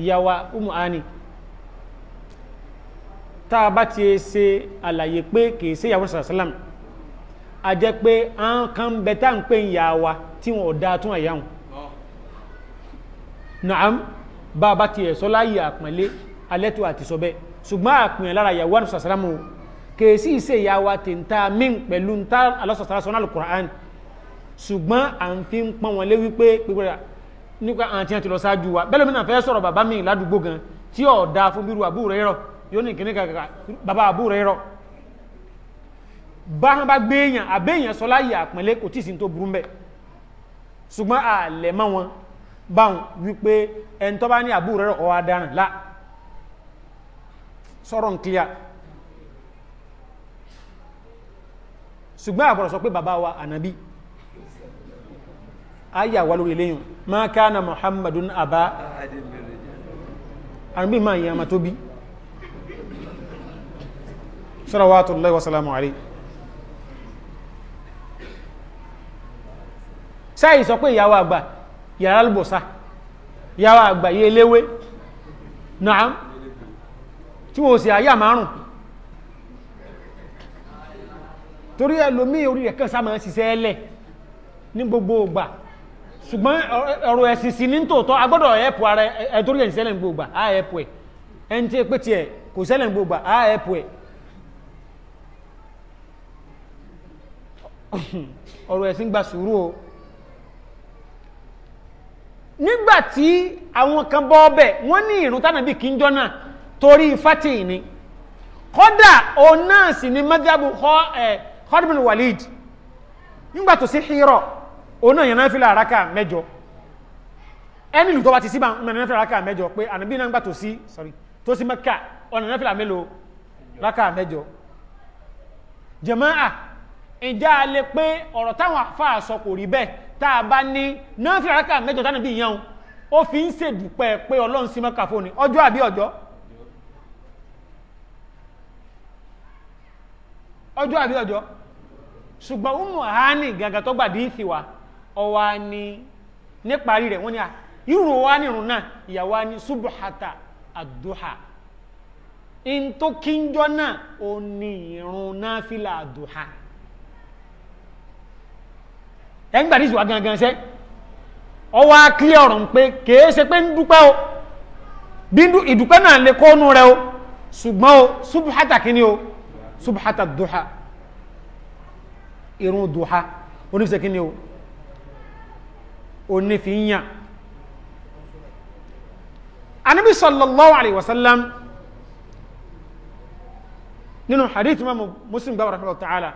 ìyàwá umu hàní tá a bá ti ṣe àlàyé pé kìí sí ìyàwó sàsálàm a jẹ́ pé àwọn kan bẹ tá à ń pè ń wa tí wọn dáa tún àyà wọn. naam bá a bá tiẹ̀ sọ láyé àpọ̀nlé alẹ́ tó àti sọ bẹ́ẹ̀ ṣùgbọ́n àpìyàn lára ìyàwó àrùn sàṣàrámù kèsì ìṣe ìyàwó àtẹ̀ntà mín pẹ̀lú ń tá alọ́sàṣàrá sọ́nà alukur'an ṣùgbọ́n à ń fi ń pọ́n wọn lé wípé pípẹ́ rà nípa àti àti lọ sáájú wa bẹ́ẹ̀ lómìnà fẹ́ sọ̀rọ̀ bàbá báhán bá gbé èèyàn àbẹ́yàn sọ láyé àpẹẹlẹ́ kò tíì sí tó burú mẹ́ ṣùgbọ́n ààlẹ̀ mọ́ wọn báhùn wípé ẹni tó bá ní àbú rẹ̀ ọwá dáràn lá sọ̀rọ̀ ń kíyà ṣùgbọ́n àgbọ̀rọ̀ sọ pé bàbá wa ànábí ayà wà lórí eléyìn ma kana muhammadun àbá àrùbí máa yàmà tó bí salawatullahi wa salamu alayhi sáyì sọ pé ìyàwó àgbà yàrá àlùbọ́sà ìyàwó àgbà na eléwé náà tí wọ́n sì àyà márùn torí ẹlòmíì orí rẹ̀ kàn ṣiṣẹ́ ẹlẹ̀ ní gbogbo ìgbà ṣùgbọ́n ọ̀rọ̀ ẹ̀sìn ní tòótọ́ agbọ́dọ̀ ẹ̀pù ara ẹ̀dórí nígbàtí àwọn kan bọ́ ọbẹ̀ wọ́n ní ìrún tánàbí kí ń jọ́nà torí fatih ni kọ́dà òun náà sì ni madhabu Khalid Walid nígbà tó sí hírọ̀ òun náà yànnà fìlà àràkà mẹ́jọ ẹni ìlú tó bá ti sí mẹ́rin fìlà àràkà mẹ́jọ pé ànàbí náà ń sí sorry tó sí Mẹ́kà ọ̀nà náà fìlà mélòó àràkà mẹ́jọ jàmáà ìjá alẹ́ pé ọ̀rọ̀ táwọn àfáà sọ kò rí bẹ́ẹ̀ tá bá ní náà fi àrákà mẹ́jọ tánà bí fi ń ṣèdúpẹ́ pé ọlọ́run sí mọ́kà fóònì ọjọ́ àbí ọjọ́ ọjọ́ àbí ọjọ́ ṣùgbọ́n ó mọ̀ á ní gàgà tó ọwa ni rẹ̀ wọ́n ni à ní náà ìyàwó ni subhata àdúhà ẹ̀ngbà ní ìṣùwà gangan sẹ́ ọwọ́ akílẹ̀ ọ̀rọ̀ ń pé kèé ṣe pé ń dúpẹ́ o bí ìdúpẹ́ náà lè kóónú rẹ o ṣùgbọ́n o subhata kíní o subhata duha irun duha onífisẹ́ kíní o onífìyàn anabi sallallahu alaihi wasallam nínú hadith imam muslim gbàgbà rahmatullahi ta'ala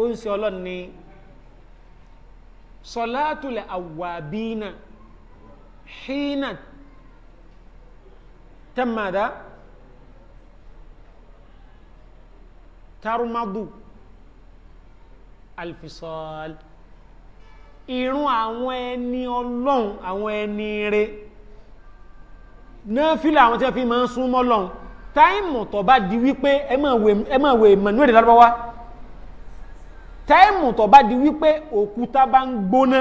ó ń ṣe ọlọ́ni sọlátùlẹ àwàbínà hínà tẹmàdá tarumadu alfisal ìrun àwọn ẹni ọlọ́run àwọn ẹni rẹ̀ náà fílà àwọn tí a fi máa ń súnmọ́ lọ́run táìmù tó bá di wípé ẹ máa wè Emmanuel lárúbáwá táìmù tó bá di wípé òkúta bá ń gbóná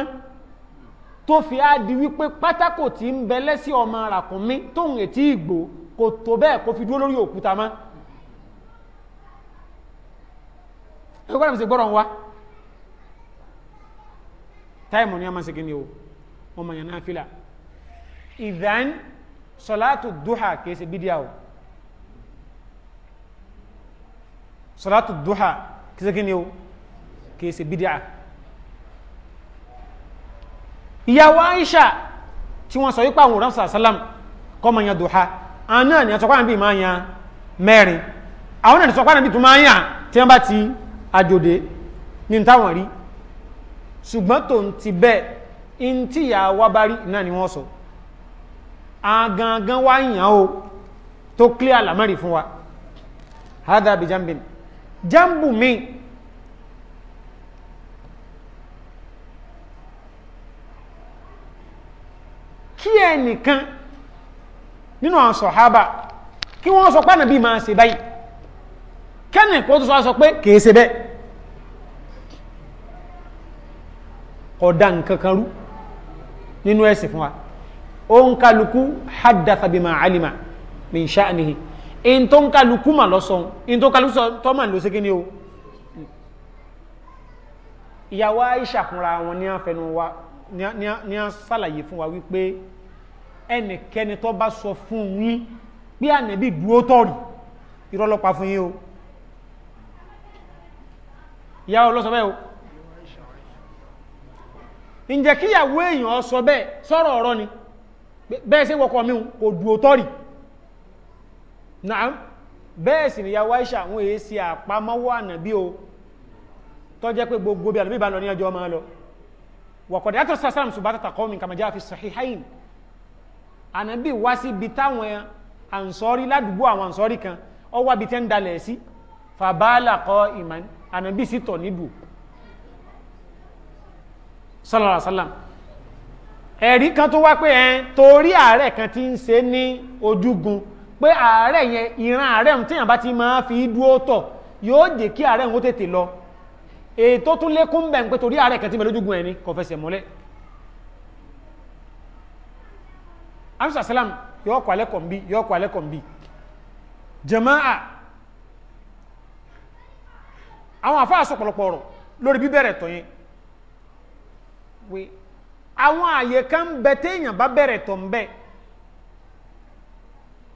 tó fi á di wípé pátákò tí ń bẹ lẹ́sí ọmọ ràkúnmí tóun ètí ìgbò kò tó bẹ́ẹ̀ kó fi dúró lórí òkúta mọ́ ẹgbẹ́ gbọ́dọ̀ mi sì gbọ́dọ̀ wá táìmù ni a o wọ́n máa yàn náà o kìí ṣe bídíà ìyàwó Aisha tí wọ́n sọ wípé àwọn òrànṣà sálám kọmọ yan duha a náà ni àtọ́kọ́ àbí máa yan mẹ́rin àwọn náà ni àtọ́kọ́ àbí tó máa yan tí wọ́n bá ti àjòdè ní táwọn rí ṣùgbọ́n tó ń ti bẹ́ẹ̀ in tí ìyàwó abárí náà ni wọ́n sọ agangan wá yàn o tó clear àlàmọ́rì fún wa hada bi jambin jambu mi kí ẹnìkan nínú àwọn sọ̀hábà kí wọ́n sọ pé ànàbí máa ṣe báyìí kẹ́nì kó tó sọ pé kìí ṣe bẹ́ẹ̀ ọ̀dà nǹkan kan rú nínú ẹ̀sìn fún wa ó ń kálukú haddatha bima alima min sha'nihi in tó ń kálukú mà lọ́sọ̀n in tó kálukú tó mà ló ségé ní o ìyàwó Aisha fúnra wọn ní àfẹnu ní a ṣàlàyé fún wa wípé ẹnikẹ́ni tó bá sọ fún yín bí ànẹ́bí dúró tọ̀rì ìrọ́lọ́pàá fún yín o ìyá ọlọ́sọ bẹ́ẹ̀ o ǹjẹ́ kíyàwó èèyàn sọ bẹ́ẹ̀ sọ̀rọ̀ ọ̀rọ̀ ni bẹ́ẹ̀ sí wọ́kọ̀ mi kò dúó tọ́rì bẹ́ẹ̀ sì ni ìyá àwọn èyí àpamọ́wọ́ ànàbí o tó jẹ́ pé gbogbo bí ànàbí ìbálọ̀ ní ọjọ́ máa lọ wọ̀kọ̀dẹ̀ yàtọ̀ sàsàràm ṣùgbọ́n tàkọ́ mi kàmàjá fi sahihain ànábì wá sí ibi táwọn ànsọ́rí ládùúgbò àwọn ànsọ́rí kan ọ wá ibi tẹ́ ń dalẹ̀ sí fàbálà kọ ìmọ̀ ànábì sì tọ̀ nídùú sallallahu alaihi wasallam ẹ̀rí kan tó wá pé ẹ torí ààrẹ kan ti ń ṣe ní ojúgun pé ààrẹ yẹn ìran ààrẹ ohun tí yàmbá ti máa fi dúó tọ̀ yóò jẹ́ kí ààrẹ ohun tètè lọ ètò tún lékún bẹ̀ ń pé torí ààrẹ kan ti mẹ́ lójúgun ẹni kò mọ́lẹ̀ anusa salam yọ kọ alẹ kọmbi yọ kọ alẹ kọmbi jamaa àwọn àfáàsọ pọ̀lọpọ̀rọ̀ lórí bíbẹ̀rẹ̀ tọ̀ yẹn wé àwọn àyè kan bẹ téèyàn bá bẹ̀rẹ̀ tọ̀ ń bẹ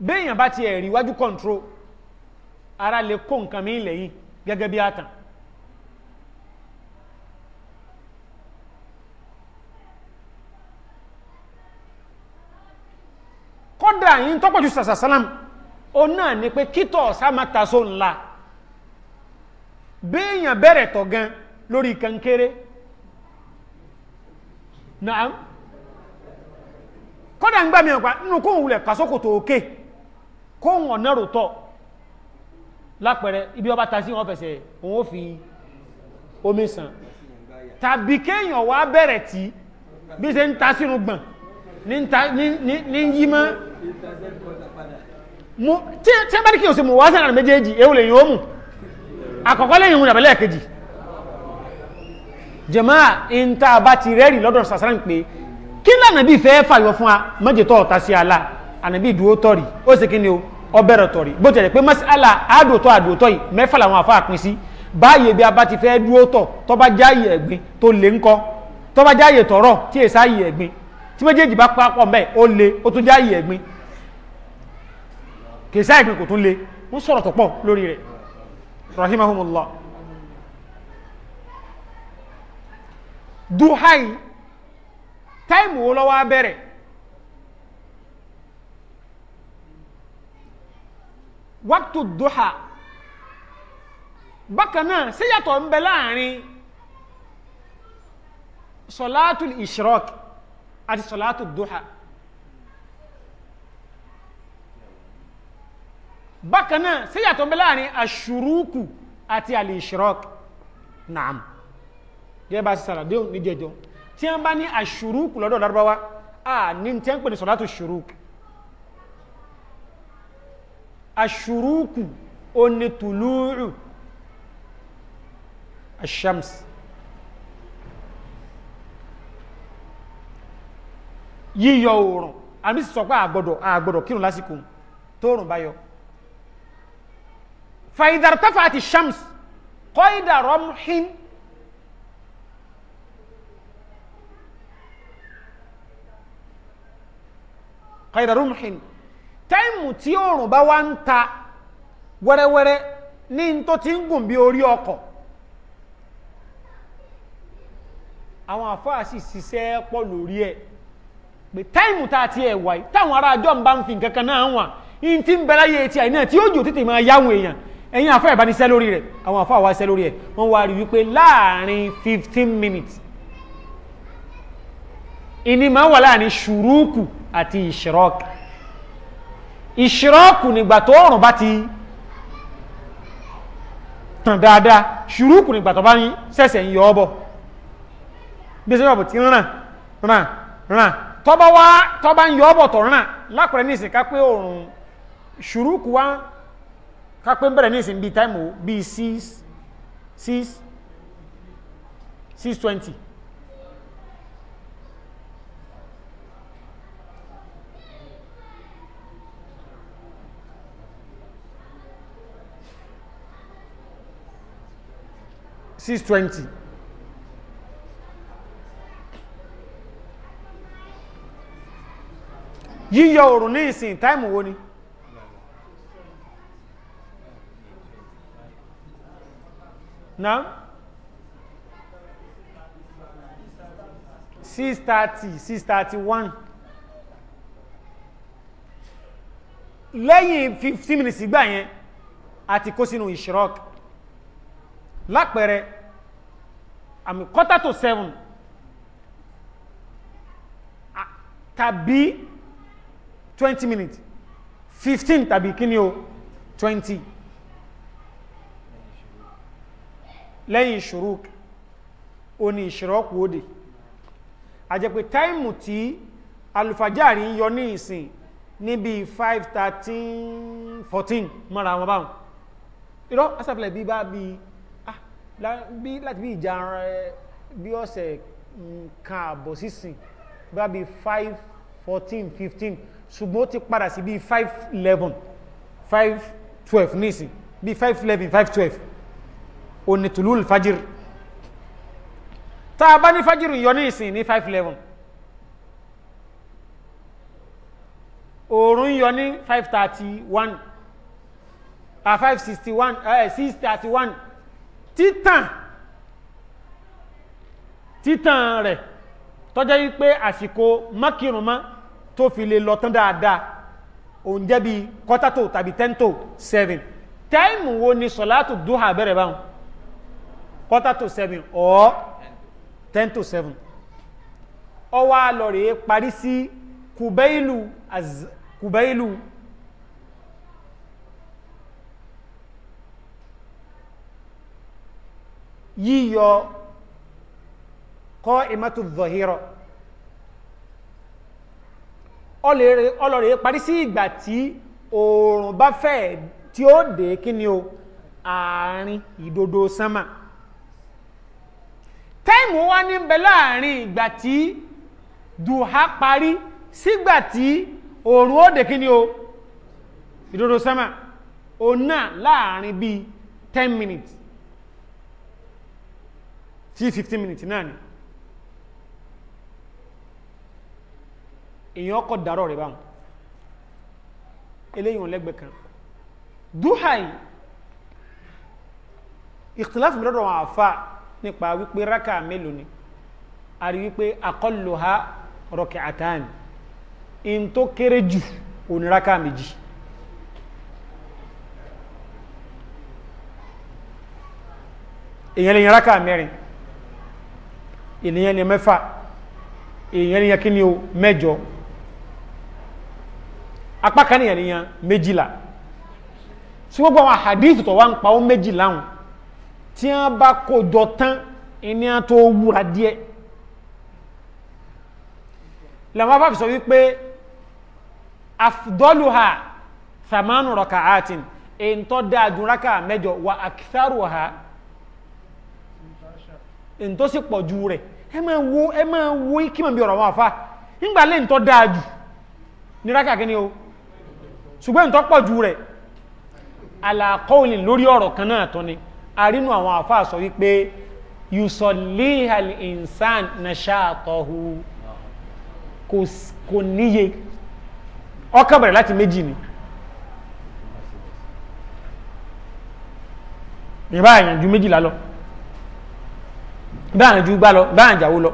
béèyàn bá ti ẹ̀rí wájú kọ̀ǹtró ara lè kó nǹkan mi lẹ́yìn gẹ́gẹ́ bí àtàn kọ́dà yìí tọ́pọ̀ jù sàṣàṣàlám ó náà ni pé kítọ̀ sámátà só ńlá béèyàn bẹ̀rẹ̀ tọ̀ gan lórí kankéré naam kọ́dà ń gbà mí ọ̀pá nínú kóhùn wulẹ̀ pàṣókòtò òkè kóhùn ọ̀nà rò tọ̀ lápẹẹrẹ ibi ọba ta sí wọn fẹsẹ̀ òun ó fi omi sàn tàbí kéèyàn wá bẹ̀rẹ̀ tí bí ṣe ń ta sínú gbọ̀n ní ń yí mọ́ tí ẹ bá ní kí o sì mú wáṣẹ́ náà méjèèjì ewu lè yóò mú àkọ́kọ́ lẹ́yìn òun àbẹ̀lẹ̀ kejì jẹ̀máà ń ta bá ti rẹ́rì lọ́dọ̀ sàṣàrà ń pé kí lànàbí fẹ́ fàyọ fún wa mẹ́jẹ̀tọ́ ọ̀ta sí ala ànàbí ìdúró tọ̀rì ó sì kí ni o ọbẹ̀ rẹ̀ tọ̀rì bó tẹ̀lé pé masala àádòtọ́ àdòtọ́ yìí mẹ́fà làwọn àfa àpín sí báyìí bí a bá ti fẹ́ dúró tọ̀ tó bá jáyè ẹ̀gbin tó lè ń kọ́ tó bá jáyè tọ̀rọ̀ tí èsà yè ẹ̀gbin tí méjèèjì bá pápọ̀ mẹ́ ó le ó tún jáyè ẹ̀gbin kì í sáà ìpín kò tún le wọ́n sọ̀rọ̀ tó pọ̀ lórí rẹ̀ rahimahumullah duhai táìmù wo lọ́wọ́ abẹ́rẹ̀ wákìtù duha bákan náà síyàtọ̀ ń bẹ láàrin sọ̀látù ìṣirọ́kì àti sọ̀látù duha bákan náà sí yàtọ̀ bẹ́ láàrin àṣùrúkù àti al-ishraq naam gẹ́gẹ́ bá sísára dé ní jẹjọ tí wọ́n bá ní àṣùrúkù lọ́dọ̀ lárúbáwá a ní tí wọ́n pè ní sọ̀látù ṣùrúkù àṣùrúkù ó ní tùlúrù ash-shams yíyọ oòrùn àmì sọ pé àgbọ̀dọ̀ àgbọ̀dọ̀ lásìkò tóòrùn bá yọ فإذا ارتفعت الشمس قيد رمح قيد رمح táìmù tí بوانتا bá wá ń ta wẹ́rẹ́wẹ́rẹ́ ní n tó ti ń gùn bí orí ọkọ̀ àwọn àfáà sì ṣiṣẹ́ pọ̀ lórí ẹ̀ pé táìmù tá a ti wáyé táwọn ará àjọ ń bá ń fi nǹkan kan náà wà ní ti ń bẹ̀rẹ̀ ayé ti àìní tí ó jò tètè máa yáwọn èèyàn eyin afọ ìbánisẹ́ lórí rẹ̀ àwọn àfáà wá sẹ́ lórí ẹ̀ wọ́n wá rí wípé láàrin fifteen minutes ìní máa wà láàrin ṣùrúkù àti ìṣirọ́ọ̀kù ìṣirọ́ọ̀kù nígbà tó ọ̀rùn bá ti tàn dáadáa ṣùrúkù nígbà tó bá ń ṣẹ̀ṣẹ̀ ń yọ ọ́ ti ràn ràn ràn tọ́ba wá tọ́ba ń kápẹ́ bẹ̀rẹ̀ ní ìsìn bí táìmù bí 6 6 620 620 yíyọ òrùn ní ìsìn táìmù wo ni 6 now six thirty six thirty one lẹ́yìn fifteen minutes gbà yẹn àti kó sínú ìṣirọ́k lápẹẹrẹ àmì quarter to seven tàbí twenty minutes fifteen tàbí kíni o twenty. lẹ́yìn shuruk o ni ìṣirọ́kù òde àjẹpẹ̀ táìmù tí alùfàjáàrí ń yọ ní ìsìn níbi 5:13:14 mọ́ra wọn báwọn irọ́ asàfilẹ̀ bí bá bí láti bí ìjà eh, bí ọ̀sẹ̀ nǹkan mm, àbọ̀ sísìn bá bí 5:14:15 ṣùgbọ́n ti padà sí bí 5:11 5:12 nísìn bí 5:11 5:12 òní tùlúùl fajiri tá a bá ní fajiri yọ ní ìsìn ní five eleven òòrùn yọ ní five thirty one à five sixty one ẹ six thirty one títàn títàn rẹ̀ tọ́jẹ́ yí pé àsìkò mákìrùnmá tó fi lè lọ tán dáadáa òun jẹ́ bí kọ́tàtò seven táìmù wo ni sọ̀látù dúhà bẹ̀rẹ̀ báwọn quarter to seven or ten to seven ọ wá lọ rèé parí sí kùbẹ́ìlú kùbẹ́ìlú yíyọ kọ́ ìmọ́tò zọ̀hírọ̀ ọlọ́rẹ̀ parí sí ìgbà tí oòrùn bá fẹ́ tí ó dé kí ni o àárín ìdodo sánmà táìmù wá ní bẹ láàrin ìgbà tí duha parí sígbà tí òòrùn ó dé kíni o ìdodo sẹ́mà òun náà láàrin bíi ten minutes sí fifteen minutes náà ni èèyàn kọ́ dàrọ̀ rẹ̀ báwọn eléyìn lẹ́gbẹ̀ kan duha yìí ìkìláfù mi àfáà nípa wípé rákà mélòó ni a rí wípé akọlùhá rọkẹ̀ àtàní in tó kéré jù òní rákà méjì èyàn lè yan rákà mẹ́rin ènìyàn lè mẹ́fà èyàn lè kí ni o mẹ́jọ apá kan nìyàn lè yan méjìlá sí gbogbo àwọn àdíìtì tó wá ń pa ó méjìlá tí wọ́n bá kó jọ tán ìní àtò wúra díẹ̀ lẹ́wọ́n bá fi sọ wípé afdọ́lùhà thamanu rọ̀kà àtìn èyí tó dáa ju rákà mẹ́jọ wà àkìsàrùhà èyí tó sì pọ̀ ju rẹ̀ ẹ máa wo ẹ máa wo kí mọ̀ bí ọ̀rọ̀ wọn àfa nígbà lẹ́yìn tó dáa ní rákà kí ni o ṣùgbọ́n èyí tó pọ̀ ju rẹ̀ àlàkọ́ọ̀lì lórí ọ̀rọ̀ kan náà tán ni àrínú àwọn àfáà sọ wípé yusolihal insan na ṣáàtọ̀hu kò níye ọkàn bẹ̀rẹ̀ láti méjì ni ìbá àyànjú méjìlá lọ bá àyànjú gbá lọ bá àyànjáwó lọ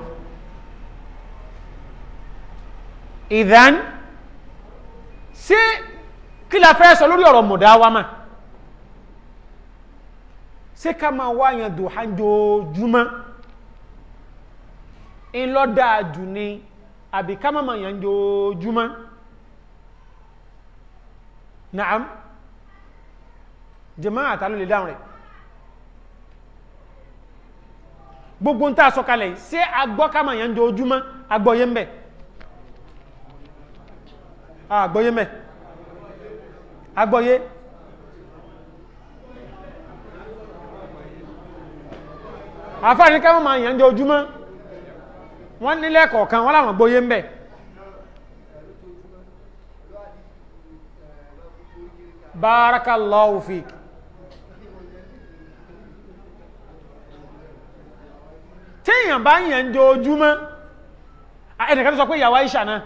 ìdán sí kí la fẹ́ sọ lórí ọ̀rọ̀ mọ̀dá wa máa se ká máa wá yan dùhà jòjúmọ́ ńlọ́dàájú ni àbí ká máa yan jòjúmọ́ naam jẹ́mọ́ àtàlù lè dáhùn rẹ̀ gbogbo ń tà sọ̀kalẹ̀ ṣé agbọ́ ká máa yan jòjúmọ́ agbọ́yé ń bẹ̀ agbọ́yé mẹ́ agbọ́yé. Ah, àfáàní kẹ́wọ́n máa yàn jẹ ojúmọ́ wọ́n nílẹ̀ kọ̀ọ̀kan wọ́n láwọn gbóyé ń bẹ̀ barakallahu fik téèyàn bá yàn jẹ ojúmọ́ ẹnìkan tó sọ pé ìyàwó Aisha náà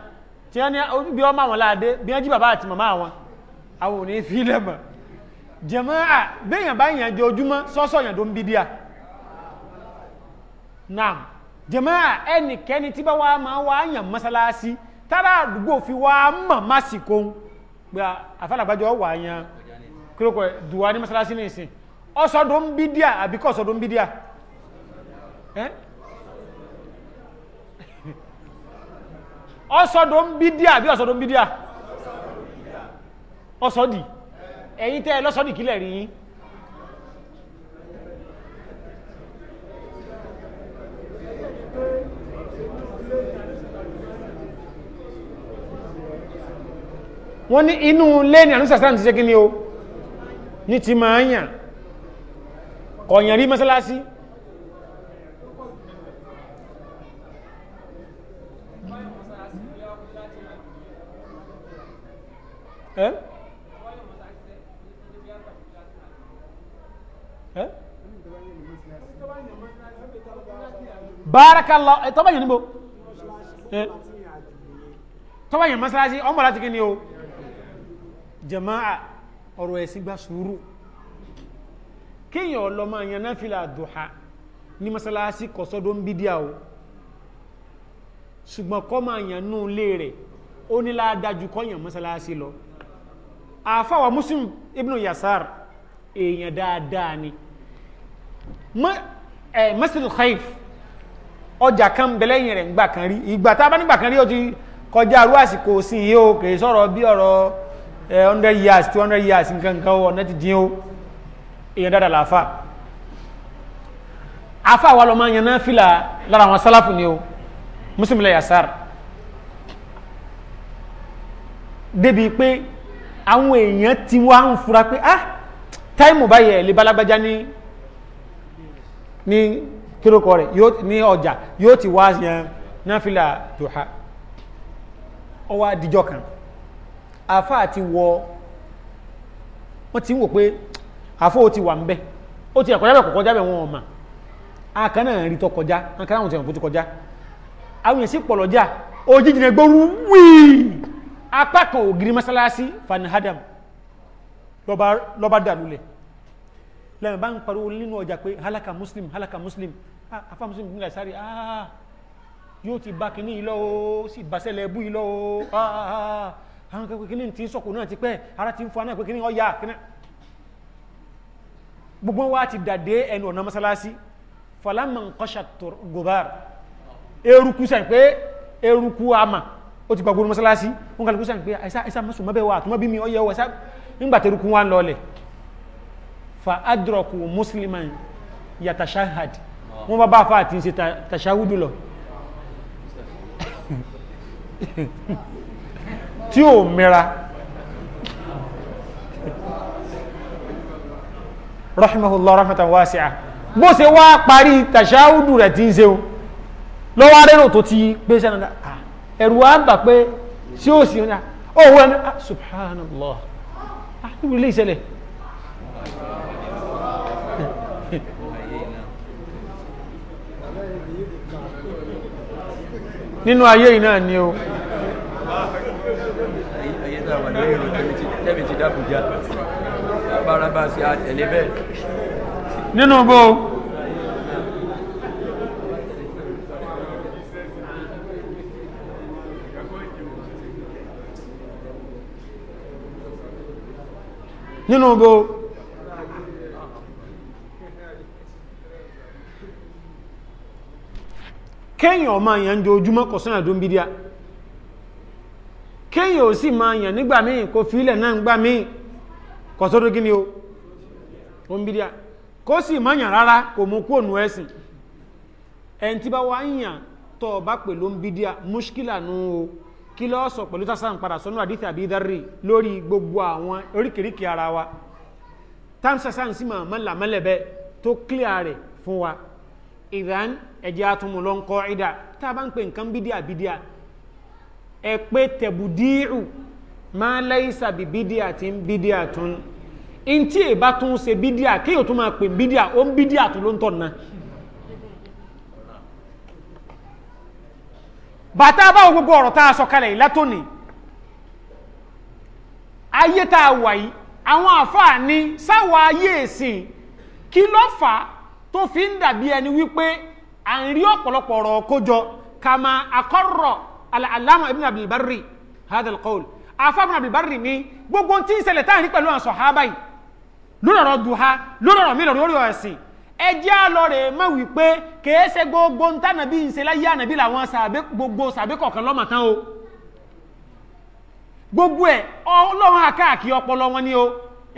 tí wọ́n ní bí ọmọ àwọn láàdé bí wọ́n jí bàbá àti màmá àwọn àwọn ò ní fi lẹ́mọ̀ jẹ̀mọ́ à béèyàn bá yàn jẹ ojúmọ́ sọ́sọ́ yàn tó ń bí díà naam jàmáà ẹnikẹ́ni tí bá wá máa wá yàn mọ́sálásí tára àdúgbò fi wá mọ̀ másìkò pé àfàlàgbájọ́ wà yàn kírókò dùwà ní mọ́sálásí ní ìsìn ọsọdún bídíà àbíkọ́ ọsọdún bídíà ọsọdún bídíà àbí ọsọdún bídíà ọsọdì ẹ̀yin tẹ́ lọ́sọdì kílẹ̀ rí yín wọ́n ní inú ilé ní àníṣà sáà ti ṣe kí ni o ní ti máa ń yàn kọ̀yàn rí mọ́sálásí ẹ́ ẹ́ bárakàlá tọ́bàyàn níbo tọ́bàyàn mọ́sálásí ọmọ láti kí ni o jama'a ọ̀rọ̀ ẹ̀sìn gba sùúrù kíyàn ọlọ́mọ àyàn náà fìlà duha ní masalasi kọ̀sọ́dọ̀ ń bídíà o ṣùgbọ́n kọ́ máa yàn nú ilé rẹ̀ ó ní ládájú kọ́yàn masalasi lọ àfáwà muslim ibn yasar èèyàn dáadáa ni masjidul khaif ọjà kan bẹ̀lẹ́yìn rẹ̀ ń gbà kan rí ìgbà tá kan rí ó kọjá arú àsìkò sí yìí kèé sọ̀rọ̀ bí ọ̀rọ̀ 100 eh, years 200 years nǹkan kan ọ̀nà ti dín o èèyàn dáadáa làáfà àfà wa lọ máa yan náà fìlà lára àwọn sálàfù ni o muslim lè yasar débi pé àwọn èèyàn ti wá ń fura pé ah táìmù báyìí ẹ̀ lè balagbájá Ni ní kírókọ rẹ̀ ní ọjà yóò ti wá yan náà fìlà duha ó wá dijọ́ kan àfá àti wọ wọ́n ti ń wò pé àfó ó ti wà ń bẹ́ ó ti àkọjá bẹ̀kọ̀ kọjá bẹ̀ wọn ọ̀mà àkànnà rí tọ kọjá àkànnà àwọn tẹ̀wọ̀n kọjá àwọn èsì pọ̀lọ́jà òjìjìnà gbóru wíì apá kan ògiri mọ́sálásí fanihadam lọ́ba dàlúlẹ̀ lẹ́yìn bá ń pariwo nínú ọjà pé halaka muslim halaka muslim afá ah, muslim nílẹ̀ sáré ah, yóò ti bá kìíní ìlọ́ ó sì bàṣẹ́lẹ̀ ẹbú ìlọ́ ó àwọn kẹ́kẹ́ kíní tí ń sọ̀kò náà ti pẹ́ ara ti ń fún aná pé kíní ọya kíní gbogbo wa ti dàdé ẹnu ọ̀nà mọ́sálásí falama nkọ́ṣà gobar eruku sàn pé eruku ama ó ti gbàgbó mọ́sálásí wọn kàlùkù sàn pé àìsá àìsá mọ́sùn mọ́bẹ̀ wa àtúmọ́ bí mi ọyẹ wọ nígbà tẹ̀rùkú wa ń lọlẹ̀ fa musliman yatashahad wọ́n bá bá fa àti ń ṣe tashahudu tí ò mìíra rahimahullah rahmatan wasi'a bó ṣe wá parí tàṣáhùdù rẹ̀ tí ń ṣe o lọ́wọ́ rẹ̀rọ tó ti gbé sẹ́nà ẹ̀rù wa ń bà pé tí ó sì ń ra owó ni o tá a wà lórí ìrò tẹ́mi ti dàbújá abáraba sí àtẹ̀lé bẹ́ẹ̀. nínú bó. nínú bó. kéèyàn ọmọ yẹn ń jojúmọ́ kọ̀sánà ń bí díà kéyìn ò sì máa yàn nígbà míì kò fi ilẹ̀ náà gbà míì kò sódó kí ni o ó ń bídíà kó sì má yàn rárá kò mú kú ònú ẹ̀sìn ẹni tí bá wá ń yàn tọ́ ọ bá pè ló ń bídíà múṣkìlà nù o kí lọ́ sọ pẹ̀lú tásán padà sọ́nù àdìsí àbí lórí gbogbo àwọn oríkèríkè ara wa tamsasan sì máa mọ́là mọ́lẹ̀bẹ́ tó kílíà rẹ̀ fún wa ìdán ẹ̀jẹ̀ atúmùlọ́ ìdá tá a bá ń pè nǹkan bídíà bídíà ẹ pé tẹ̀bùdíìrù máa lẹ́yìísà bí bídíà tí ń bídíà tún in tí èbá tún ṣe bídíà kí yóò tún máa pè bídíà ó ń bídíà tún ló ń tọ̀ náà bàtà báwo gbogbo ọ̀rọ̀ tá a sọ kalẹ̀ yìí látòní ayé tá a wà yìí àwọn àfáà ní sáwọ ayé ìsìn kí ló fà fi ń dàbí ẹni wípé à ń rí ọ̀pọ̀lọpọ̀ ọ̀rọ̀ kójọ kama akọ́rọ̀ alàlámà ibn abdulbari hadha alqawl afa ibn abdulbari ni gbogbo tí ń ṣẹlẹ̀ táàrí pẹ̀lú àwọn sọ̀hábà yìí lórí ọ̀rọ̀ duha lórí ọ̀rọ̀ mi lórí ọ̀rọ̀ ẹ̀sìn ẹjẹ́ àlọ́rẹ̀ mọ̀ wípé kìí ṣe gbogbo ń tànà bí ń ṣe láyé ànàbí làwọn gbogbo sàbẹ́ kọ̀ọ̀kan lọ́mọ tán o gbogbo ẹ̀ ọlọ́run àkáàkì ọpọlọ wọn ni o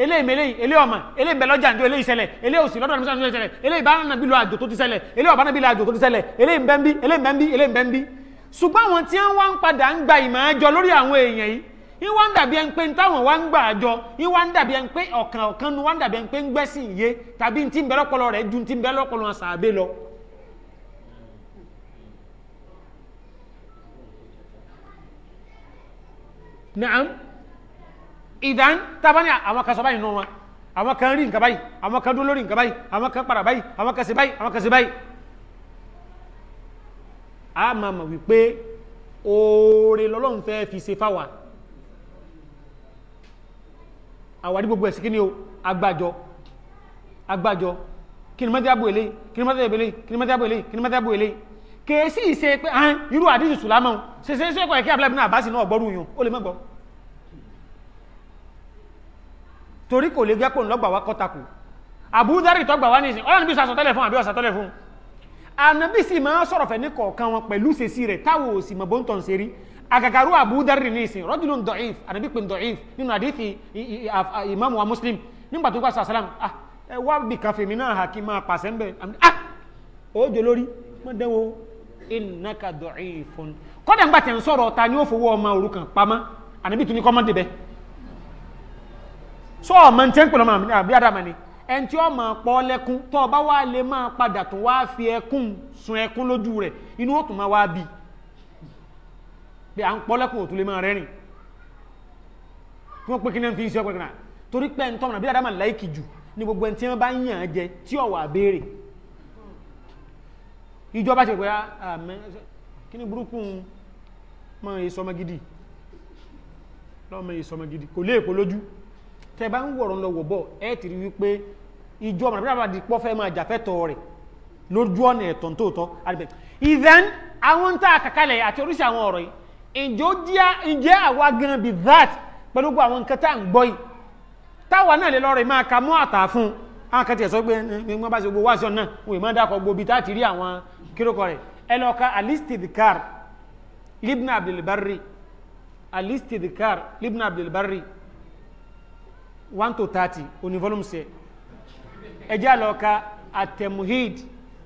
eléyìí mẹlẹyìn eléyìí ọmọ eléyìí bẹlọjà ndó eléyìí ṣẹlẹ̀ eléyìí òsì lọ́dọ̀ nípa ṣẹlẹ̀ eléyìí bá nàbí lọ àjò tó ti ṣẹlẹ̀ eléyìí ọbànàbí lọ àjò tó ti ṣẹlẹ̀ eléyìí bẹnbí eléyìí bẹnbí eléyìí bẹnbí ṣùgbọ́n àwọn tí wọ́n wá ń padà ń gba ìmọ̀ àjọ lórí àwọn èèyàn yìí yín wá ń dàbí ẹni pé táwọn wá ń gbà àjọ yín wá ń dàbí ẹni pé ọ̀kan ọ̀kan nu wá ń dàbí ẹni pé ń gbẹ́sìn iye tàbí ti ń bẹ lọ́pọlọ rẹ̀ ju ti ń bẹ lọ́pọlọ àṣàbẹ́ lọ. naam ìdán tabani àwọn kan sọ báyìí nù wọn àwọn kan rí nǹkan báyìí àwọn kan dúró lórí nǹkan báyìí àwọn kan padà báyìí àwọn kan ṣe báyìí àwọn kan ṣe báyìí a máa mọ̀ wípé oore lọ́lọ́run fẹ́ fi ṣe fáwa àwárí gbogbo ẹ̀sìn kí ni o agbájọ agbájọ kí ni mọ́tí àbò èlé kí ni mọ́tí àbò èlé kí ni mọ́tí àbò èlé kí ni mọ́tí àbò èlé kèésì se pé ahán irú àdíjù sùlámọ́ ṣe ṣe ṣe ẹ̀kọ́ àbúlá ìbínú àbáṣì náà gbọ́rù yùn ó lè mọ́gbọ́ torí kò lè gbẹ́pọ̀ ńlọ́gbà wá kọ́takù àbúdárì tọ́gbà wá ní ìsìn ọlọ́run bí sọ fún àbí ọ̀sàtọ́lẹ̀ fún ànábì sì máa sọ̀rọ̀ fẹ́ ní kọ̀ọ̀kan wọn pẹ̀lú sèṣì rẹ̀ táwọn òsì mọ̀ bóńtọ̀ ń seré agagaru abudari ní ìsìn rọ́jùlù ń dọ̀ìf ànábì pé ń nínú àdífi ìmáàmù wa muslim nígbà tó gbà sọ ah ẹ wá bì kan fèmí náà hà kí máa pàṣẹ ń bẹ ah òjò lórí wọ́n dẹ́wọ́ ìnáka dọ̀ìfún kọ́dà ń gbà tẹ̀ ń sọ̀rọ̀ ta ni ó fowó ọmọ òrukàn pamọ́ ànábì tún ní kọ́mọ́dé bẹ́ẹ̀ sọ ọmọ ń tẹ́ ń pè lọ́mọ àbí àdàmà ẹni tí ó máa pọ̀ lẹ́kún tó o bá wá lè máa padà tó wá fi ẹkún sun ẹkún lójú rẹ̀ inú ó tún máa wá bí pé à ń pọ̀ lẹ́kún òtún lè máa rẹ́rìn tí wọ́n pé kí náà fi ń ṣe ọ̀pẹ̀ kan torí pé ẹni tọ́mọ̀nà bí adama láìkì jù ní gbogbo ẹni tí wọ́n bá ń yàn án jẹ tí ó wà béèrè ìjọba ṣe pé ah, àmẹ́ kí ni burúkú mọ ìsọmọ gidi lọ́mọ ìsọmọ gidi kò lè èkó lójú tẹ bá ń wọ̀rọ̀ lọ wọ̀ bọ̀ ẹ ti wípé ìjọ ọmọ nàbẹ́rẹ́ àbàdì pọ́ fẹ́ máa jàfẹ́tọ̀ rẹ̀ lójú ọ̀nà ẹ̀tọ́ tóòtọ́ àdìbẹ̀ ìdẹ́n àwọn tá a kàkálẹ̀ àti oríṣi àwọn ọ̀rọ̀ yìí ǹjẹ́ àwa gan bi that pẹ̀lú gbogbo àwọn nǹkan tá à ń gbọ́ yìí táwa náà lè lọ́rọ̀ máa ka mọ́ àtà fún un àwọn kan tiẹ̀ sọ pé wọ́n bá ṣe gbogbo wáṣọ náà wọ́n ì máa dákọ̀ gbòbi tá a ti rí àwọn kírókọ rẹ̀ ẹ lọ ka alistidkar libna abdulbari alistidkar libna abdulbari one to thirty oní volume sẹ́ẹ̀ ẹjẹ́ àlọ́ka àtẹ̀muhid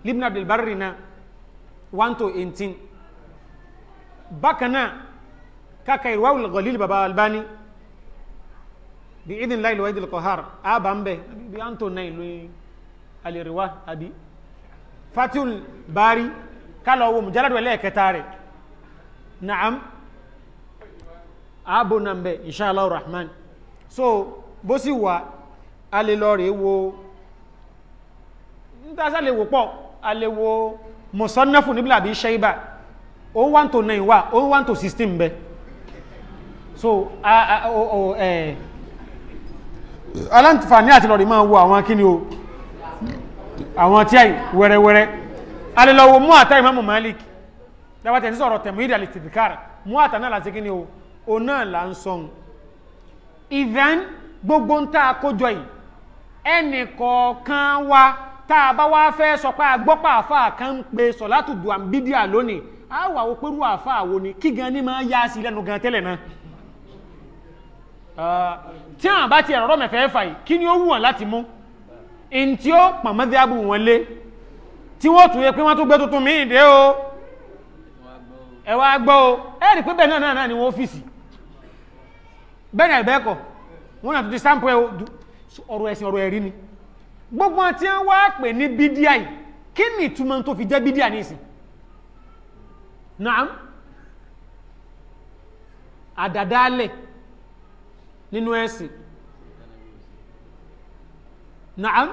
libna abdulbari na 1 to 18 bákan náà kàkà ìwà al-Ghalil baba albani bí idin láì lọ́wọ́ idil kohar àbá ń bẹ̀ bí a ń tó náà ìlú alìrìwá àbí fatul bari kálọ̀ owó mùjálàdù ẹlẹ́ẹ̀kẹta rẹ̀ na'am ààbò náà ń bẹ̀ insha rahman so bó sì wà a lè wo nítàṣà lè wò pọ̀ àlèwò mọ̀sánnáfù níbìlà bí ṣẹ́ibà 0109 wà 0116 bẹ so aláǹfààní àti lọ́rí máa wo àwọn kíni o àwọn tí àì wẹ́rẹ́wẹ́rẹ́ alẹ́lọ́wọ́ mú àtà ìmáàmù Malik dábàtẹ̀ sí sọ̀rọ̀ tẹ̀mù ìdàlẹ̀ tìbìkàrà mú àtà náà láti kíni o o náà là ń sọun ìdán gbogbo ń tá a kójọ yìí ẹnì kọ̀ọ̀kan wa tá a bá wá fẹ́ sọ pé agbọ́pọ̀ àfáà kan ń pe sọ̀látù dùàmbídíà lónìí á wà ó pẹ́rú àfáà wo ni kí gan ni máa yá sí lẹ́nu gan tẹ́lẹ̀ náà ah, tí àwọn bá ti ẹ̀rọ mẹ̀fẹ́ fà yìí kí ni ó wù wọn láti mú in tí ó pàmọ́dé àbù wọn lé tí wọ́n tún yẹ pé wọ́n tún gbé tuntun míì dé o ẹ wá gbọ́ o ẹ rí pé bẹ́ẹ̀ náà náà ni wọ́n ọ́fíìsì bẹ́ẹ̀ náà bẹ́ẹ̀ kọ́ wọ́n náà tún ti sáǹpù ẹ̀ ọ̀rọ̀ ẹ̀sìn ọ̀rọ̀ ẹ̀rí ni gbogbo àti wọn wá pè ní bídíà yìí kí ni ìtumọ̀ tó fi jẹ́ bídíà ní ìsìn naam àdàdálẹ̀ nínú ẹ̀sìn naam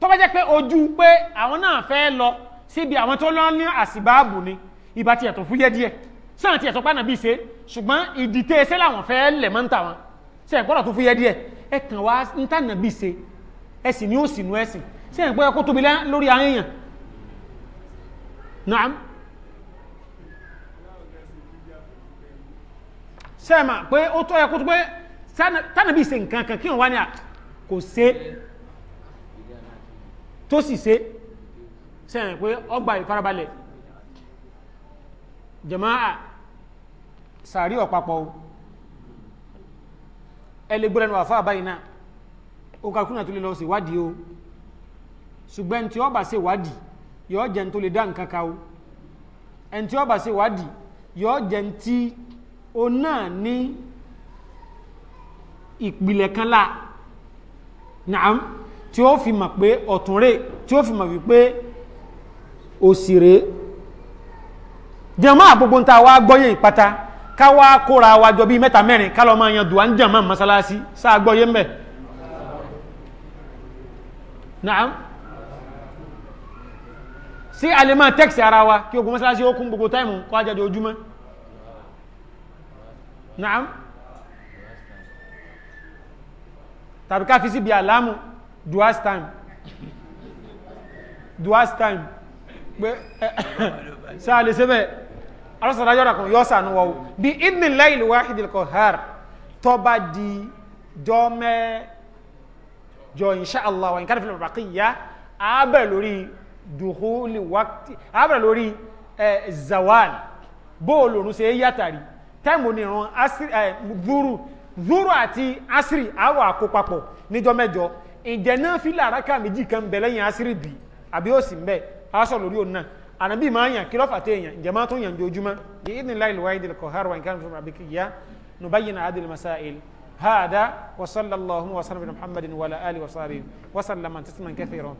tó bá jẹ́ pé ojú pé àwọn náà fẹ́ lọ síbi àwọn tó lọ ní àsìbáàbù ni ìbá ti ẹ̀tọ̀ fúyẹ́ díẹ̀ sáà ti ẹ̀tọ̀ pánà bí ṣe ṣùgbọ́n ìdìtẹ́ ẹsẹ́ làwọn fẹ́ lẹ̀ mọ́ ń tà wọn ṣe ẹ̀gbọ́dọ̀ tó fúyẹ́ díẹ̀ ẹ̀kàn wá ń tànà bí ṣe ẹ̀sìn ni ó sì nú ẹ̀sìn sí ẹ̀ ń pẹ́ kó tóbi lórí àyẹ̀yàn naam sẹ́ẹ̀mà pé ó tọ́ ẹ̀kú tó pé tánàbí ṣe nǹkan kan kí wọ́n wá ní à kò ṣe tó sì ṣe sẹ́ẹ̀mà pé ọgbà ìfarabalẹ̀ jẹ̀máà sàárì ọ̀pápọ̀ ẹlẹgbẹ̀rẹ̀ wà fáà báyìí náà ó tó lè lọ sí ìwádìí o ṣùgbọ́n tí ó bá ṣe ìwádìí yóò jẹ́ tó lè dá nǹkan ká o ẹni tí ó bá ṣe ìwádìí yóò jẹ́ tí ó náà ní ìpìlẹ̀ kan láà naam tí ó fi mọ̀ pé ọ̀túnrẹ́ tí ó fi mọ̀ wípé òsìrè jẹmọ́ àgbogbo ta wá gbọ́yé ìpata ká wá kóra wájọ bí mẹ́ta mẹ́rin ká lọ máa yan dùwà ń jẹmọ́ mọ́sálásí sáà gbọ́yé mẹ́ naam sí alemá tẹ́ksì ara wa kí ogun mọ́sálásí ó kún gbogbo táìmù kọ́ ajájọ ojúmọ́ naam tàbí ká fi sí bí àlámù duas time duas time pé sáà lè sẹ́bẹ̀ alọ́sàdájọ́ra kan yọ́ sànú wọ́wọ́ bí idnillahi al-wahidil qahhar tó bá di jọ mẹ́rin jọ inṣáàlá wa nǹkan fìlẹ̀ bàkíyà ààbẹ̀ lórí dùhúlì wákìtì ààbẹ̀ lórí zawal bóòlù òrùn ṣe é yàtàrí táìmù ní ìran zuru zuru àti asiri àwọ̀ àkópapọ̀ níjọ́ mẹ́jọ ìjẹ́ náà fi làrákà méjì kan bẹ̀ lẹ́yìn asiri bì àbí ó sì ń bẹ̀ aṣọ lórí òun náà ànàbí máa ń yàn kí lọ́fà tẹ́ èèyàn ìjẹ̀má tó yàn jojúmọ́ bí idin láìlúwáìdìl kọ̀hárùwà nǹkan fún àbíkìyà nubayyana adil masail هذا وصلى الله وسلم على محمد وعلى آله وصحبه وسلم تسليما كثيرا